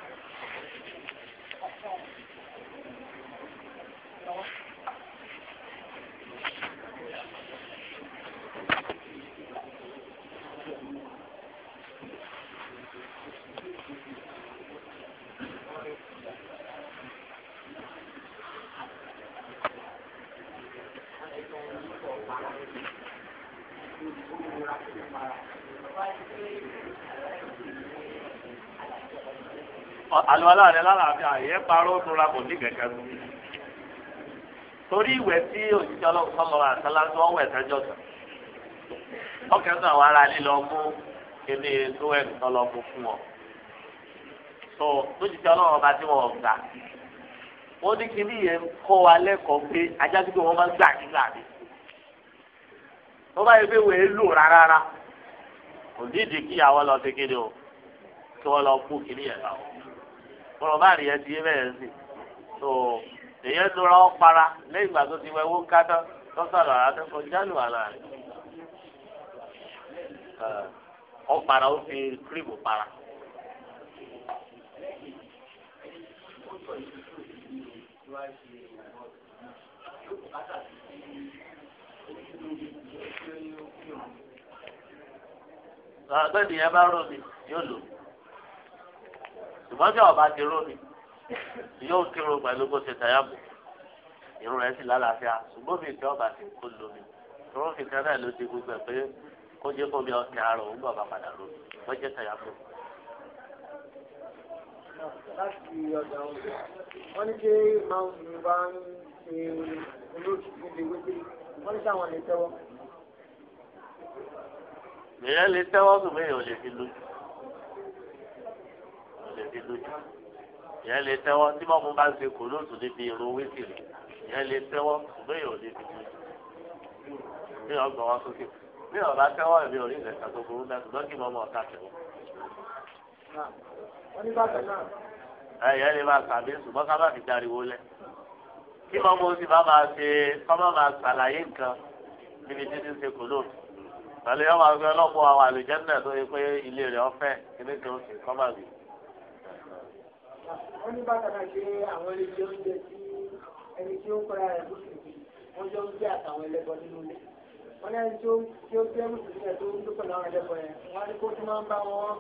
àlọ́ aláàrẹ lálàáfíà yẹ parọ́ nura kò ní kẹ̀kẹ́ tó. torí ìwẹ̀ tí òṣìṣẹ́ ọlọ́run sọ́mọ́ra àtàlà tí wọ́n wẹ̀ sẹ́jọ́ sọ. ọkẹ́ sọ àwọn ará lílọ mú kíní tó tó lọ mú fún ọ. tó lóṣìṣẹ́ ọlọ́run tí wọ́n gbà. wọ́n ní kíní yẹn kọ́ wa lẹ́kọ̀ọ́ tó bá yẹ pé wèé lò rárá kò dídì kí ìyàwó lọ sí kéde o kí wọ́n lọ kú kiri yẹn lọ. bọ̀rọ̀ bá rí ẹtì bẹ́ẹ̀ sí tó èyẹ lóra ọ para lẹ́yìn ìgbà tó ti wẹ owó kátó lọ́sọ̀rọ̀ àtẹ́kọ̀ọ́ jálù àlà rẹ̀ ọ para ó fi para. tọ́gbẹ́ nìyẹn bá rómi yóò lò ṣùgbọ́n tí ọba ti rómi yóò kírun pẹ̀lú bó ṣe tàyàbù irun rẹ̀ sì lálàáfíà ṣùgbọ́n mi tí ọba ti kó lómi irun fi kan náà ló ti gbogbo ẹ̀ pé kó jẹ́ kó mi ọ̀kẹ́ àrò òun bàbá padà rómi wọ́n jẹ́ tàyàbù. láti ọjà ọjà wọn ní ṣé máa ń bá ń ṣe olóòtú níbi wípé wọn ní sáwọn lè tẹwọ́ èèyàn lè tẹ́wọ́ sùn méyàn ò lè fi lójú ò lè fi lójú èèyàn lè tẹ́wọ́ tí mọ́mú bá ń ṣe kò lóòtú níbi irun wíṣìrì èèyàn lè tẹ́wọ́ sùn méyàn ò lè fi lójú ní ọgbọ̀n wọn sókè ní ọ̀bá tẹ́wọ́ ẹ̀mí orí ìrẹ̀ta tó burú náà ṣùgbọ́n kí mọ́mú ọ̀tá tẹ̀wọ́. èèyàn lè máa sàbí ṣùgbọ́n ká má fi dariwo lẹ̀ kí mọ́mú sì má máa ṣe kọ́ pẹ̀lú yọ̀ọ́ máa gbé ọlọ́pọ̀ àwọn àlùjẹ́ńdà tó yẹ pé ilé rẹ̀ ọ̀fẹ́ kíní kan sì kọ́mà bì. wọ́n ní bàtàkà ṣe àwọn ilé oúnjẹ tí ẹni tí ó ń kọ́ra rẹ̀ lóṣèlú wọ́n jọ ń gbé àtàwọn ẹlẹ́gbọ́n nínú ilé wọ́n ní ẹni tí ó gbé mùsùlùmí ẹ̀ tó ń dúpọ̀ láwọn ẹlẹ́gbọ́n yẹn wọ́n ní kó tún máa ń bá wọn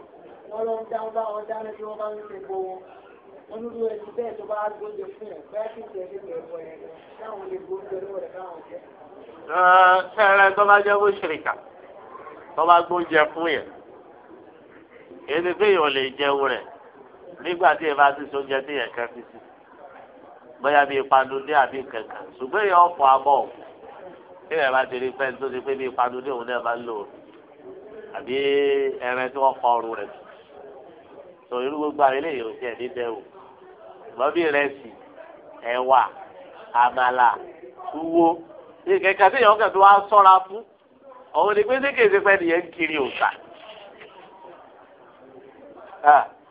wọ́n lọ ń dá wọn bá wọn dáná tí wọ́n bá ń ṣe gbó wọn wọ́n ní irú ẹni bẹ́ẹ̀ tó bá gbóúnjẹ fún yẹn bẹ́ẹ̀ kì í ẹni ẹ̀gbọ́n yẹn káwọn lè gbóúnjẹ lọ́wọ́ káwọn jẹ́. ṣẹ́ẹ́rẹ́ tó bá jẹ́ bó ṣèlè kà tọ́ba gbóúnjẹ fún yẹn èdè pé yóò lè jẹun rẹ̀ nígbà tí yẹn bá ti sóúnjẹ tí yẹn kẹ́ fi sí bóyá bíi panudé àbí kankan ṣùgbọ́n yẹn ọ̀pọ̀ abọ́ tí yẹn bá ti rí pẹ́ẹ́n tó ti pé bíi panudé òun náà máa ń lò àbí ẹran tí wọ́n kọ ọrùn rẹ̀ tó irú gbogbo àwọn eléyìí ò tiẹ̀ ní bẹ́ẹ̀ o ṣùgbọ́n bíi rẹsì ẹ̀wà àmàlà túwó ní tí yẹn ọ̀kẹ́ tó wá sọ́ra fún òun ni pété kèsè pẹ́ nìyẹn ń kiri òòsà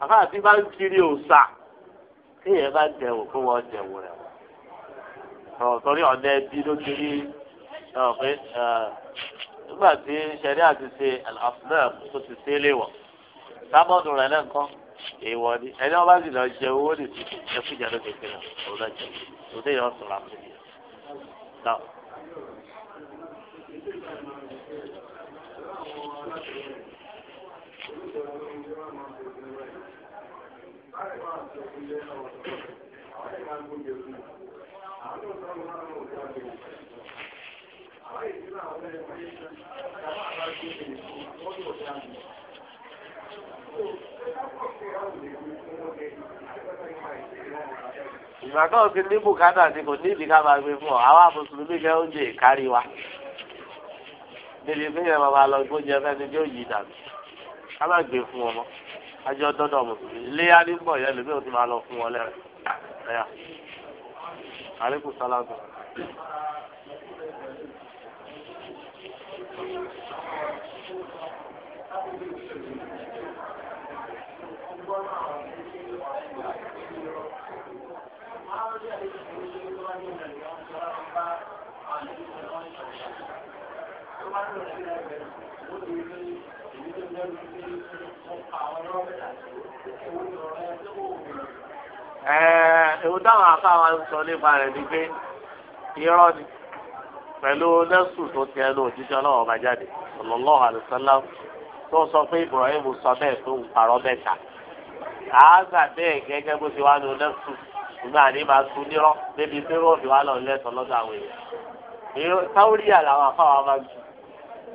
àfa àti bá ń kiri òòsà kéèyàn bá dẹ̀wò fún wọn dẹ̀wò rẹ̀ wọ́n torí ọ̀nà ẹbí ló kiri pé nígbà tí sẹ́rí àti ṣe àfúnà tó ti ṣe é léwọ̀ sábọ́ọ̀dù rẹ̀ náà kọ́ èèwọ̀ ni ẹni wọn bá sì lọ jẹ owó nìsí ẹkú ìjà ló kékeré ọ̀hún náà jẹ òun náà yọ ọ̀sán làkúnyẹ náà. ìgbà kan ti ní bùkátà ni kò ní ìdí ká máa gbé fún ọ àwa mùsùlùmí jẹ oúnjẹ ìkárí wa. débi pé yẹn bàbá lọ gbóúnjẹ fẹ́ni yóò yí dàbí ká má gbé fún ọmọ ajọ dọdọ mùsùlùmí léyà ní bọ yẹn lómi ò ti máa lọ fún wọn lẹrẹ ẹyà àlékún sálámù. Thank you. èwo táwọn afáwa ń sọ nípa ni pé irọ́ ni pẹ̀lú tó ti ẹnu òjíṣẹ́ ọlọ́wọ́ bá jáde Ibrahim sọ bẹ́ẹ̀ tó ń parọ́ mẹ́ta bẹ́ẹ̀ gẹ́gẹ́ bó ti wá máa nírọ́ débi wà lọ́ọ́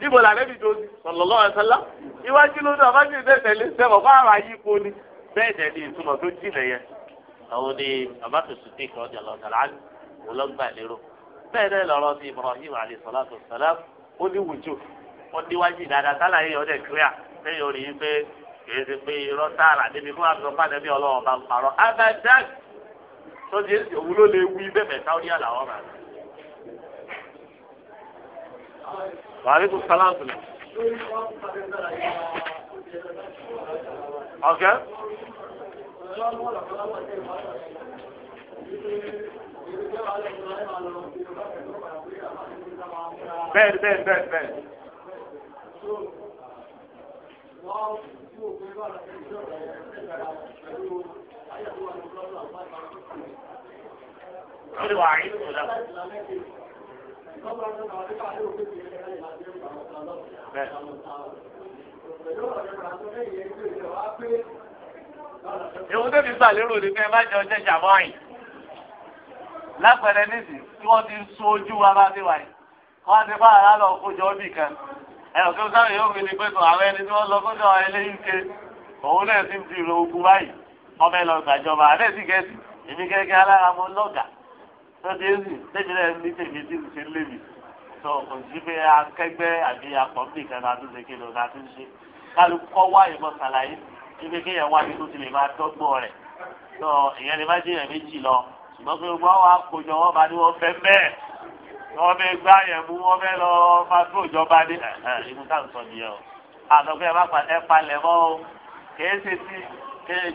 níbo la lẹ́bi tó ti sallallahu alaihi wasallam iwájú ló dé ọ̀bájú ìdẹ́ tẹ̀lé sẹ́wọ̀ fún ara yìí kó ni bẹ́ẹ̀ dẹ̀ ni ìtumọ̀ tó jìnà yẹn àwọn ni abáṣe sùté kí ọjà lọ tàlá ní ọlọ́gbà lérò bẹ́ẹ̀ náà lọ́rọ́ sí Ibrahim alayhi salatu wassalam ó ní wùjọ wọ́n níwájú ìdáadáa sálàyé ọ̀dẹ̀ kíríà lẹ́yìn orí yìí pé kìí ṣe pé irọ́ tààrà níbi fún àbúrò pàdébí ọlọ́wọ́ bá ń parọ́ abadan tó ti ń sèwú ló lè wí bẹ́ẹ̀ mẹ́ta ó àlàó rà. Wàhálíkù sálám tó lè. Ọ̀kẹ́. Bẹ́ẹ̀ni bẹ́ẹ̀ni bẹ́ẹ̀ni bẹ́ẹ̀ni. Kí ni wàá rí ìtura? Ìwọ́n tó fi gbàlérò ni pé ẹ má jẹ ọjọ́ ìjàmọ́ yìí. Lápẹẹrẹ nísì tí wọ́n ti sun ojú wa bá ti wà yìí. Wọ́n ti bá ara lọ kójọ ọ́bì kan. Ẹ̀rọ kí ó sáré yóò fi ni pé sọ àwọn ẹni tí wọ́n lọ kójọ eléyìí ke. Òun náà ti ń fi ro ogun báyìí. Ọmọ ẹ lọ gbàjọba. Àbẹ́sì gẹ̀ẹ́sì. Èmi gẹ́gẹ́ alára mo lọ́gàá lóde èzì lẹ́mi náà ní tèmi tí mo ṣe ń lé mi sọ kò sí pé akẹgbẹ́ àbí akọ̀ǹbì kan náà tó ṣe kí lóun náà tó ṣe kálukú kọ́ wá ìmọ̀ sàlàyé ibi kéèyàn wá ibi tó ti lè máa dọ́gbọ́n rẹ̀ sọ èèyàn lè má jẹ́ èèyàn méjì lọ ṣùgbọ́n pé wọ́n wá kojọ wọ́n bá ní wọ́n fẹ́ bẹ́ẹ̀ wọ́n fẹ́ gbá yẹn mú wọ́n fẹ́ lọ máa tó ìjọba ní ìlú táwọn sọ nìyẹn o àtọ́gbẹ́ ẹ má pàdé palẹ̀ mọ́ o kèé ṣe sí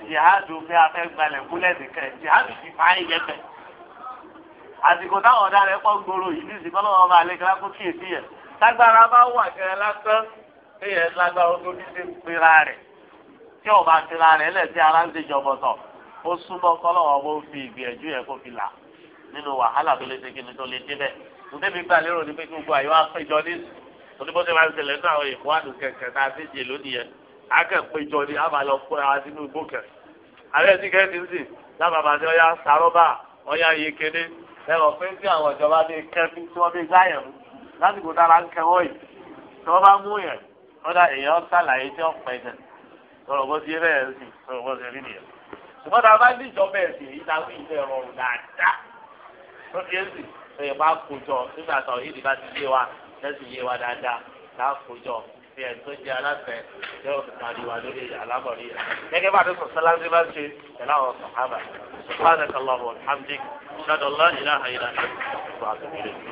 jihadu fẹ́ afẹ́ gbalẹ̀ kúlẹ̀ nìkan jihadu ti fà á yẹ bẹ́ẹ̀ àsìkò táwọn ọ̀daràn pọ̀ gbòòrò yìí ní ìsìnkú ọlọ́wọ́ máa lé kíláà kó kíyèsí yẹn lágbára bá wà kẹrẹ lásán kéèyàn lágbára ó tóbi sí pera rẹ̀ tí ọba pera rẹ̀ lẹ́sẹ̀ ara ń ṣèjọ́bọ̀tọ̀ ó súnmọ́ kọ́lọ́wọ́ bó fi ìgbìyànjú yẹn kó fi là nínú wàhálà tó lè ṣe kí ni tó lè débẹ̀ ǹdẹ́bí gbà lérò ní pé gbogbo àyè wa péjọ ní oníbọ́sẹ̀ máa ń ṣẹlẹ̀ ní àwọn èkó àdùn kẹ̀kẹ́ tá a ti jè lónìí yẹn akẹ́péjọ ni a máa lọ pé a sínú igbó kẹ̀ ààrẹ ti lábàbà ni ọya sàrọ́bà ọya yekene ẹ̀rọ pé tí àwọn ìjọba bíi kẹ́bí tí wọ́n bíi gáyẹ̀ mú lásìkò dára ń kẹwọ́ yìí tí wọ́n bá mú yẹn kódà èèyàn sàlàyé tí wọ́n pẹ́ jẹ sọ̀rọ̀ bó ti bẹ́ẹ̀ sì sọ̀rọ̀ bó ti rí nìyẹn. ṣùgbọ́n tá a bá ní ìjọba ẹ̀sìn yìí ta fún ìfẹ́ rọrùn dáadáa tó ti ẹ̀sìn ṣèyí bá kó jọ nígbà tó yìí ti bá ti yé wa ẹ̀sìn yé wa dáadáa ti ẹ̀ tó jẹ́ aláṣẹ tí ó parí wa lórí alábọ̀rí rẹ̀. gẹ́gẹ́ bá a ti sọ sáláńsì bá ṣe pẹ̀lú àwọn sàhábà subhanakallahu wa bihamdik shadallah ilaha illa anta astaghfiruka